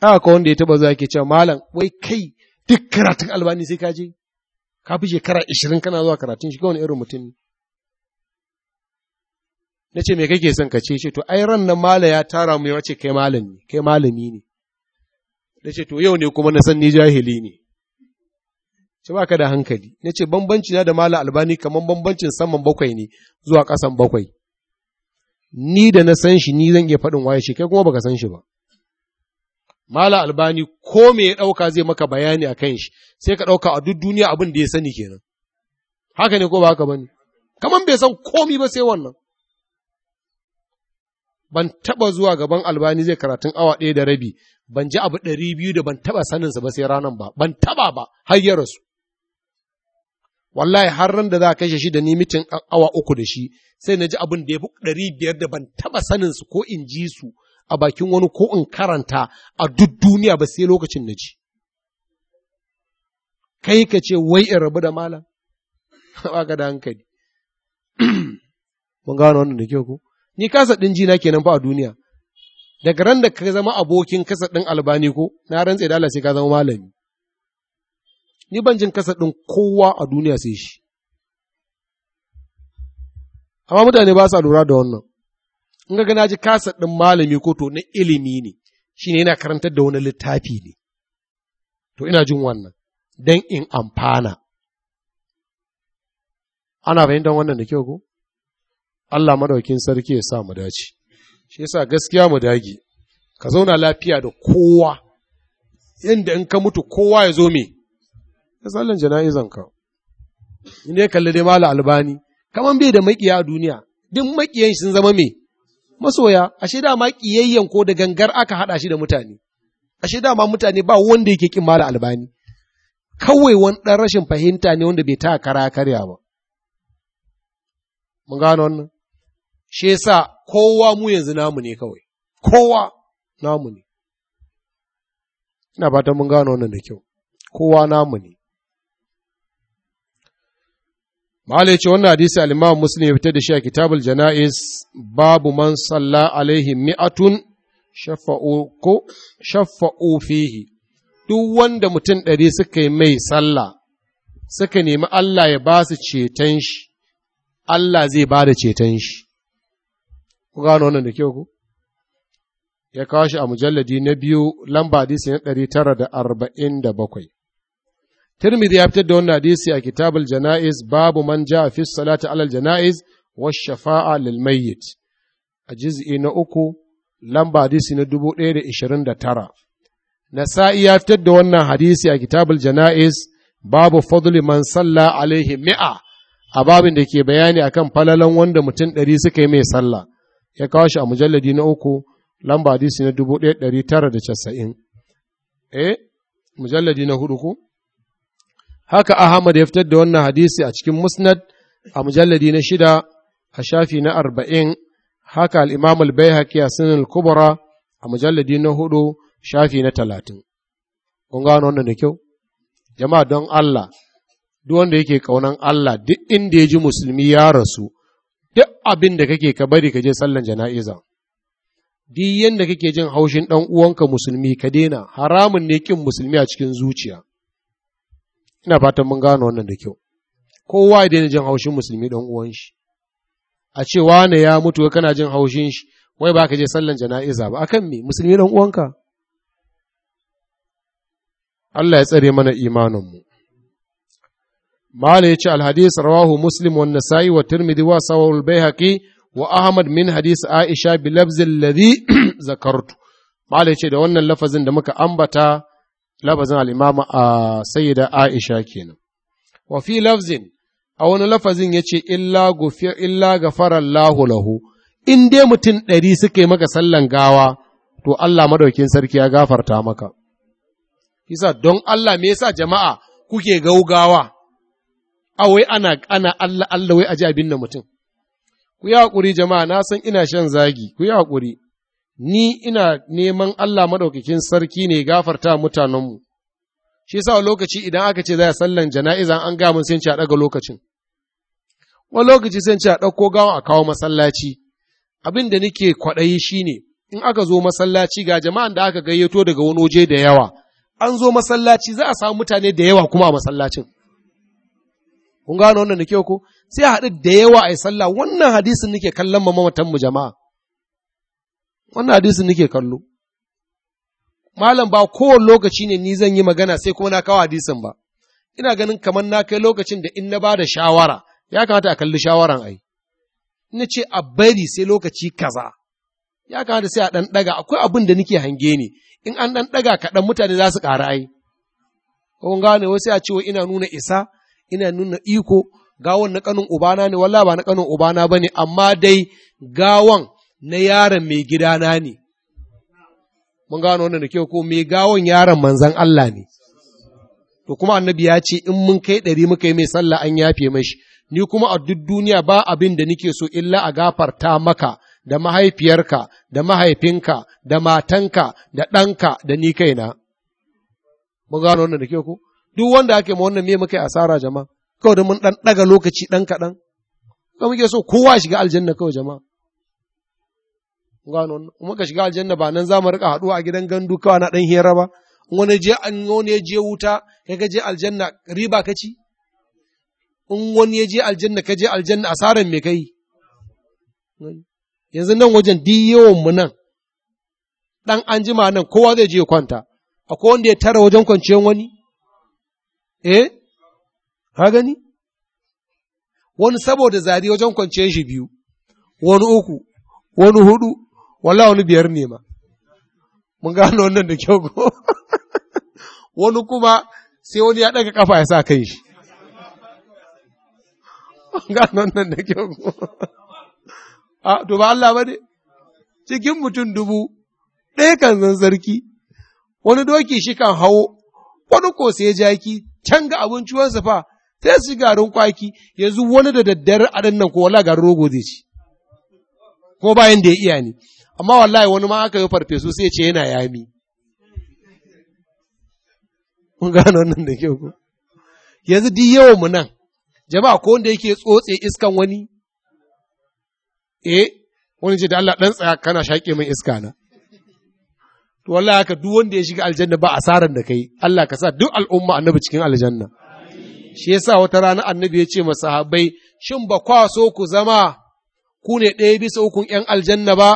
[SPEAKER 1] A ka wanda ya taba zuwa ke cewa malam wai kai duk karatun albani sai ka je ka fi shekara ishirin kana zuwa karatun shi wani irin mutum ne na ce me kake son ka ce ce to ai ran nan mala ya tara mu ya ce kai kai malami ne na ce to yau ne kuma na san ni jahili ne ce ba da hankali na ce bambanci na da mala albani kamar bambancin saman bakwai ne zuwa ƙasan bakwai ni da na san shi ni zan iya faɗin waye shi kai kuma baka san shi ba mala albani ko me ya ɗauka zai maka bayani a kan shi sai ka ɗauka a duk duniya abin da ya sani kenan haka ne ko ba haka bane kaman bai san komi ba sai wannan ban taɓa zuwa gaban albani zai karatun awa ɗaya da rabi ban ji abu ɗari biyu da ban taɓa sa ba sai ranan ba ban taɓa ba har ya rasu wallahi har ran da za a kashe shi da ni mitin awa uku da shi sai na ji abin da ya fi ɗari biyar da ban taɓa saninsu ko in ji su a bakin wani ko in karanta a duk duniya ba sai lokacin na ji kai ka ce wai in rabu da malam ba ka da hankali mun gano wannan da kyau ko ni kasa ɗin jina kenan ba a duniya daga ran da ka zama abokin kasa ɗin albani ko na rantse da Allah sai ka zama malami ni ban jin kasa ɗin kowa a duniya sai shi amma mutane ba sa lura da wannan in ga na ji kasa ɗin malami ko to na ilimi ne shine yana karantar da wani littafi ne to ina jin wannan don in amfana ana fahimtar wannan da kyau ko Allah maɗaukin sarki ya sa mu dace shi yasa gaskiya mu dage ka zauna lafiya da kowa inda in ka mutu kowa ya zo me ya sallan jana'izan ka Inda ya kalli dai malam albani kaman bai da makiya a duniya duk makiyan sun zama me masoya ashe dama kiyayyen ko da gangar aka haɗa shi da mutane ashe dama mutane ba wanda yake kin mala albani kawai wani ɗan rashin fahimta ne wanda bai ta kara karya ba mun gano wannan shi yasa kowa mu yanzu namu ne kawai kowa namu ne ina fatan mun gano wannan da kyau kowa namu ne ya ce wannan hadisi al Musulmi ya fitar da shi a Kitabul Jana'is babu man salla alaihi mi'atun shafa'u ko fihi duk wanda mutum ɗari suka yi mai salla suka nemi Allah ya ba su ceton shi Allah zai ba da ceton shi ku gano wannan da kyau ku ya kawo shi a mujalladi na biyu lamba hadisi na ɗari tara da arba'in da bakwai tirmidhi ya fitar da wannan hadisi a kitabul jana'iz babu man ja fi salati alal jana'iz wa shafa'a lil mayyit a juz'i na uku lamba hadisi na dubu ɗaya da ishirin da tara nasa'i ya fitar da wannan hadisi a kitabul jana'iz babu fadli man salla alaihi mi'a a babin da ke bayani akan falalan wanda mutum ɗari suka yi mai sallah ya kawo shi a mujalladi na uku lamba hadisi na dubu ɗaya ɗari tara da casa'in eh mujalladi na hudu ku haka ahmad ya fitar da wannan hadisi a cikin musnad a mujalladi na shida a shafi na arba'in haka al'imam albai haƙi a sinin kubura a mujalladi na hudu shafi na talatin kun gano wannan da kyau jama'a don allah duk wanda yake kaunan allah duk inda ya ji musulmi ya rasu duk abin da kake ka bari ka je sallan jana'iza duk yadda kake jin haushin ɗan uwanka musulmi ka daina haramun ne kin musulmi a cikin zuciya ina fatan mun gano wannan da kyau kowa ya daina jin haushin musulmi ɗan uwan shi a ce wane ya mutu kana jin haushin shi wai ba ka je sallan jana'iza ba akan me musulmi ɗan uwanka Allah ya tsare mana imaninmu mala yace alhadis rawahu muslim wa nasa'i wa tirmidhi wa sawul bayhaqi wa ahmad min hadis aisha bi lafzi yace da wannan lafazin da muka ambata lafazin al-imam a sayyida aisha kenan wa fi lafzin a wani lafazin yace illa gufi illa ghafara Allahu lahu in dai mutum ɗari suka yi maka sallan gawa to Allah madaukin sarki ya gafarta maka kisa don Allah me yasa jama'a kuke gaugawa a wai ana ana Allah Allah wai aji abin nan mutum ku yi haƙuri jama'a na san ina shan zagi ku yi haƙuri ni ina neman Allah madaukakin sarki ne gafarta mutanenmu shi yasa lokaci idan aka ce za a sallan jana'iza an ga mun sai a ɗaga lokacin wani lokaci sai ci a ɗauko gawa a kawo masallaci abin da nake kwaɗayi shine in aka zo masallaci ga jama'an da aka gayyato daga wani waje da yawa an zo masallaci za a samu mutane da yawa kuma a masallacin kun gano wannan da kyau ko sai a haɗu da yawa a yi sallah wannan hadisin nake kallon ma mamatan mu jama'a wannan hadisin nake kallo malam ba kowane lokaci ne ni zan yi magana sai kuma na kawo hadisin ba ina ganin kamar na kai lokacin da in na ba da shawara ya kamata a kalli shawaran ai ina ce a bari sai lokaci kaza ya kamata sai a ɗan ɗaga akwai abin da nake hange ne in an ɗan ɗaga kaɗan mutane za su ƙara ai kun gane wasu ya ce wa ina nuna isa ina nuna iko Gawon na kanin ubana ne wallah ba na kanin ubana ba ne amma dai gawon na yaron mai gidana ne mun gano wannan da kyau ko mai gawon yaron manzan Allah ne to kuma annabi ya ce in mun kai ɗari muka yi mai sallah an yafe mashi ni kuma a duk duniya ba abin da nike so illa a gafarta maka da mahaifiyarka da mahaifinka da matanka da ɗanka da ni kaina mun gano wannan da kyau ko duk wanda ake ma wannan me muka yi asara jama'a kawai mun dan daga lokaci dan kaɗan ka muke so kowa shiga aljanna kawai jama'a gano wannan muka shiga aljanna ba nan za mu rika haɗuwa a gidan gandu kawai na dan hira ba wani je an wani ya je wuta Ka je aljanna riba ka ci in wani ya je aljanna ka je aljanna asaran me kai yanzu nan wajen di yawan mu nan dan an jima nan kowa zai je kwanta akwai wanda ya tara wajen kwanciyar wani eh ka gani wani saboda zari wajen kwanciyar shi biyu wani uku wani hudu walla wani biyar ne ma mun gano wannan da kyau ko wani kuma sai wani ya ɗaga kafa ya sa kai shi mun gano wannan da kyau ko a to ba Allah ba ne cikin mutum dubu ɗaya kan zan sarki wani doki shi kan hawo wani ko sai jaki can ga abinci wansa fa sai su garin kwaki yanzu wani da daddare a nan ko wala garin rogo zai ci ko bayan da ya iya ne amma wallahi wani ma aka yi farfesu sai ce yana yami mun gano wannan da kyau ko yanzu di yawon mu nan jama'a ko wanda yake tsotse iskan wani eh wani ce da Allah dan tsaya kana shaƙe min iska na to wallahi haka duk wanda ya shiga aljanna ba asaran da kai Allah ka sa duk al'umma annabi cikin aljanna shi yasa wata rana annabi ya ce ma sahabbai shin ba kwa so ku zama ku ne ɗaya bisa ukun ƴan aljanna ba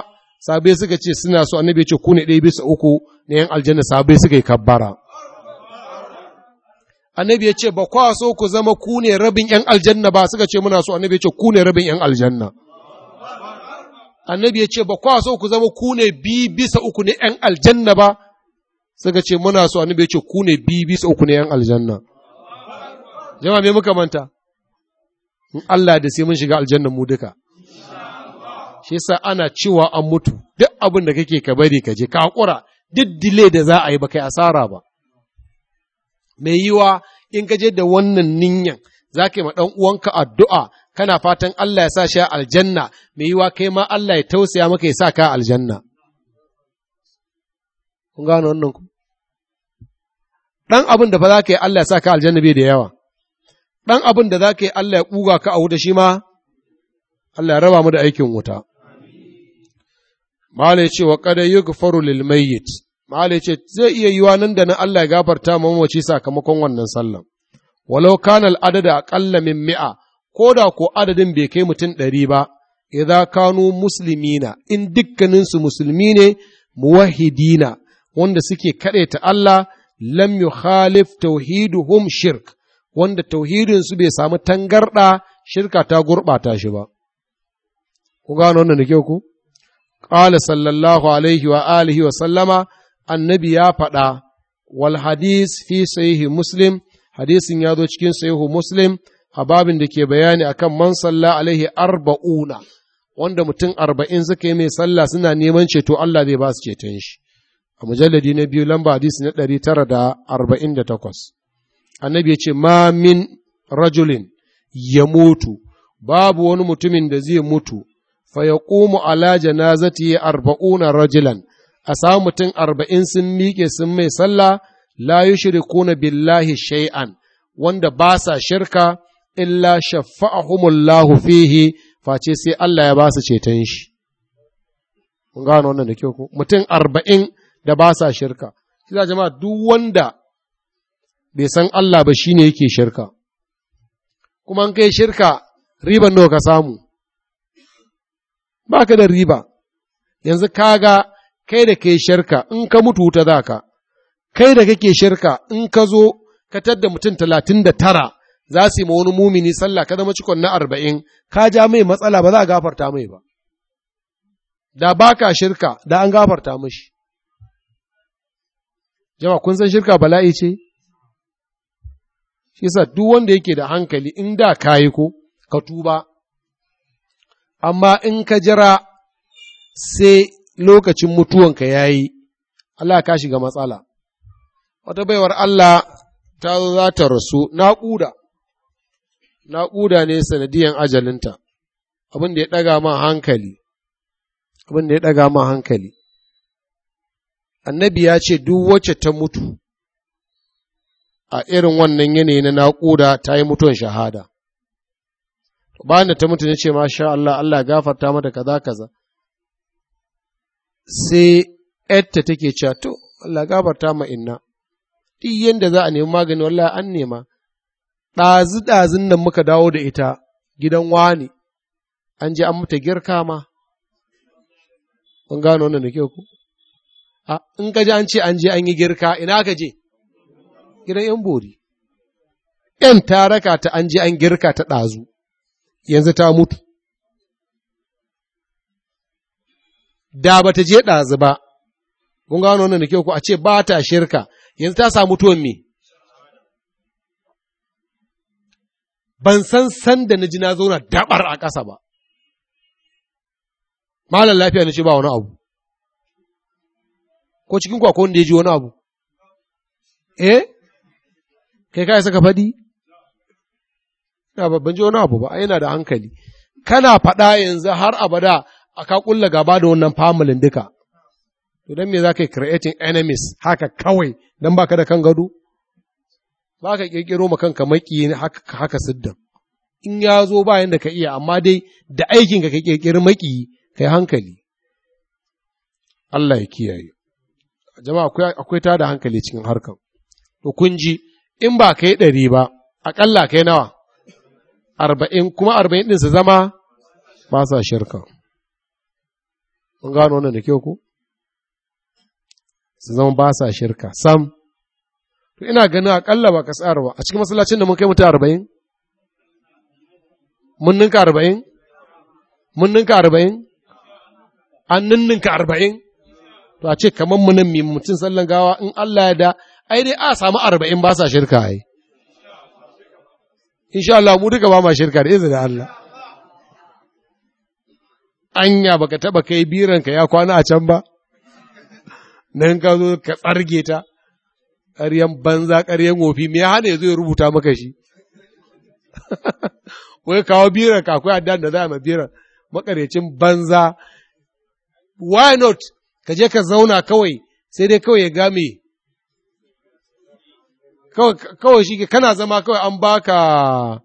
[SPEAKER 1] sahabbai suka ce suna so annabi ya ce ku ne ɗaya bisa uku na ƴan aljanna sahabbai suka yi kabbara annabi ya ce ba kwa so ku zama ku ne rabin ƴan aljanna ba suka ce muna so annabi ya ce ku ne rabin ƴan aljanna annabi ya ce ba kwa so ku zama ku ne bi bisa uku ne ‘yan aljanna ba, suka ce muna so annabi ya ce ku ne bi bisa uku ne ‘yan aljanna. Jama me muka manta? In Allah da sai mun shiga aljanna mu duka. Shi yasa ana cewa an mutu, duk abin da kake ka bari ka je, ka hakura duk dile da za a yi ba asara ba. Mai yiwa in ka je da wannan ninyan, zaka yi ma dan uwanka addu'a kana fatan Allah ya sa shi a aljanna mai yiwa kai ma Allah ya tausaya maka ya sa ka aljanna kun gano wannan ku Ɗan abin da ba za ka yi Allah ya sa ka aljanna bai da yawa Ɗan abin da za ka yi Allah ya ƙuga ka a wuta shi ma Allah ya raba mu da aikin wuta Malai ce wa kada faru lil mayyit Malai ce zai iya yiwa nan da nan Allah ya gafarta mamaci sakamakon wannan sallan walau kana al'adada aqalla min mi'a ko da ko adadin bai kai mutum ɗari ba, idza kanu na in dukkaninsu musulmi ne muwahidina wanda suke ta Allah lam tauhidu tauhiduhum shirk wanda tauhidinsu bai samu tangarɗa shirka ta gurɓata shi ba. Ku gano wannan da kyau ku? Ƙala sallallahu alaihi wa alihi wa sallama annabi ya faɗa wal hadis fi sahihi muslim hadisin ya zo cikin sahihu muslim a babin da ke bayani a kan man salla alaihi arba'una wanda mutum arba'in suka yi mai sallah suna neman ceto Allah zai ba su ceton shi a mujalladi na biyu lamba hadisi na ɗari tara da arba'in da takwas annabi ya ce ma min rajulin ya mutu babu wani mutumin da zai mutu fa ya ƙumu ala janazati arba'una rajulan a samu mutum arba'in sun miƙe sun mai sallah la na billahi shay'an wanda ba sa shirka illa shafa'ahumullahu fihi face sai Allah ya ba su ceton shi mun gano wannan da kyau mutum arba'in da ba sa shirka shi za jama'a duk wanda bai san Allah ba shine yake shirka kuma an kai shirka riban nawa ka samu baka da riba yanzu kaga kai da kai shirka in ka mutu ta za kai da kake shirka in ka zo ka tadda mutum talatin da tara za su yi ma wani mumini sallah ka zama cikon na arba'in ka ja mai matsala ba za a gafarta mai ba da ba ka shirka da an gafarta mashi jama kun san shirka bala'i ce shi sa duk wanda yake da hankali in da kayi ko ka tuba amma in ka jira sai lokacin mutuwanka ya yi, Allah ka shiga matsala. Wata baiwar Allah ta zo za ta rasu naƙuda, naƙuda ne sanadiyan ajalinta abin da ya ɗaga ma hankali abin da ya ɗaga ma hankali annabi ya ce duk wacce ta mutu a irin wannan yanayi na naƙuda ta yi mutuwan shahada bayan da ta mutu ne ce masha Allah Allah gafarta mata kaza kaza sai ‘yarta take cewa to Allah gafarta ma inna duk yadda za a nemi magani wallahi an nema ɗazu-ɗazun nan muka dawo da ita gidan wani, an je an mata girka ma, kun gano wannan da ke ku? A, in ka ji an ce an je an yi girka, ina ka je? Gidan ‘yan bori, ‘yan ta raka ta an je an girka ta ɗazu, yanzu ta mutu. Da ba ta je ɗazu ba, kun gano wannan da ke ku a ce ba ta shirka, yanzu ta samu tuwon me? ban san sanda na ji na zauna dabar a ƙasa ba. Malam lafiya na ce ba wani abu. Ko cikin kwa wanda ya ji wani abu? Eh? Kai kai saka faɗi? Na ban ji wani abu ba, yana da hankali. Kana faɗa yanzu har abada a ka kulla gaba da wannan familin duka. don me za ka yi creating enemies haka kawai don baka da kan gado? za ka ƙirƙiro ma kanka maƙiyi haka siddan in ya zo ba yadda ka iya amma dai da aikinka ka ƙirƙiri maƙiyi kai hankali Allah ya kiyaye jama'a akwai ta da hankali cikin harkan to kun ji in ba kai ɗari ba aƙalla kai nawa arba'in kuma arba'in ɗin su zama ba sa shirka kun gano wannan da kyau ku su zama ba sa shirka sam to ina ganin akalla ba ka tsara ba a cikin masallacin da mun kai mutu arba'in mun ninka arba'in mun ninka arba'in an ninninka arba'in to a ce kamar munan mai mutum sallan gawa in Allah ya da ai dai a samu arba'in ba sa shirka ai insha Allah mu duka ba ma shirka da izinin Allah anya baka taba kai biranka ya kwana a can ba nan ka zo ka tsargeta ta ƙaryan banza ƙaryan wofi me ya hana ya zo ya rubuta maka shi wai kawo biran ka akwai da za a ma biran banza why not ka je ka zauna kawai sai dai kawai ya game kawai shi kana zama kawai an baka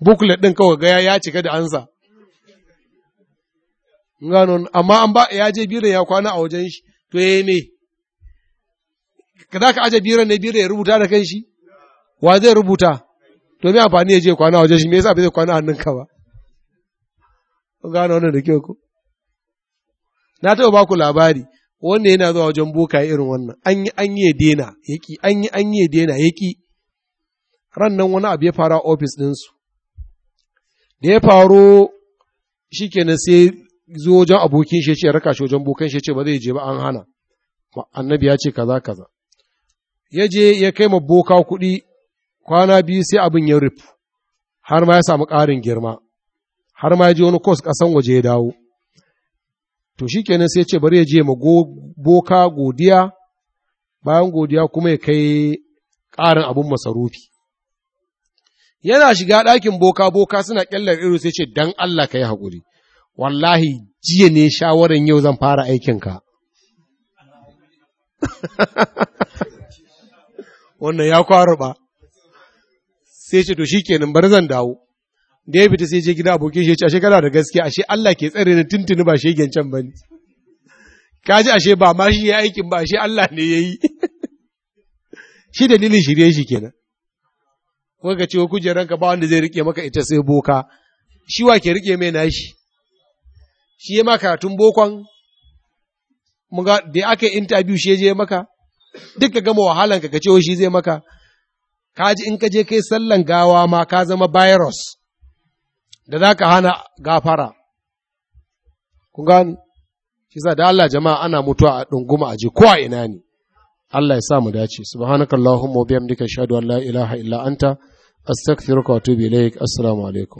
[SPEAKER 1] booklet ɗin kawai gaya ya cika da ansa gano amma an ba ya je biran ya kwana a wajen shi to ya yi ne. ka za ka aje biran ne biran ya rubuta da kan shi wa zai rubuta to me amfani ya je kwana waje shi me yasa bai zai kwana hannun ka ba ku gane wannan da kyau ko na taɓa ba ku labari wanda yana zuwa wajen boka irin wannan an yi an yi dena yaki an yi an yi dena yaki ran nan wani abu ya fara ofis ɗinsu da ya faro shi kenan sai zo wajen abokin shi ya ce raka shi wajen bokan shi ya ce ba zai je ba an hana annabi ya ce kaza kaza ya je ya kai ma boka kuɗi kwana biyu sai abin ya rufu, har ma ya samu ƙarin girma, har ma ya je wani kos ƙasan waje ya dawo. To shikenan kenan sai ce bari ya je ma boka godiya, bayan godiya kuma ya kai ƙarin abun masarufi. Yana shiga ɗakin boka boka suna ƙyallar iru sai ce dan Allah ka yi haƙuri, wallahi jiya ne shawaran yau zan fara aikinka. wannan ya ba sai ce to shikenan bar zan dawo da ya fita sai je gida abokin shi ya ce ashe kana da gaskiya ashe Allah ke tsare ni tuntuni ba shi shegen can bane kaji ashe ba ma shi ya aikin ba ashe Allah ne ya yi. shi dalilin shirye shi kenan kuka ce ka ba wanda zai rike maka ita sai boka shi wa ke rike mai nashi shi ya maka tun bokon muga da aka interview shi ya je maka duk ka gama wahalan ka ce shi zai maka ka in ka je kai sallan gawa ma ka zama virus da za ka hana gafara kun gani shi da Allah jama'a ana mutuwa a ɗunguma a ji ko a ina ne Allah ya sa mu dace subhanakallahumma wa bihamdika ashhadu an la ilaha illa anta astaghfiruka wa atubu ilaik assalamu alaikum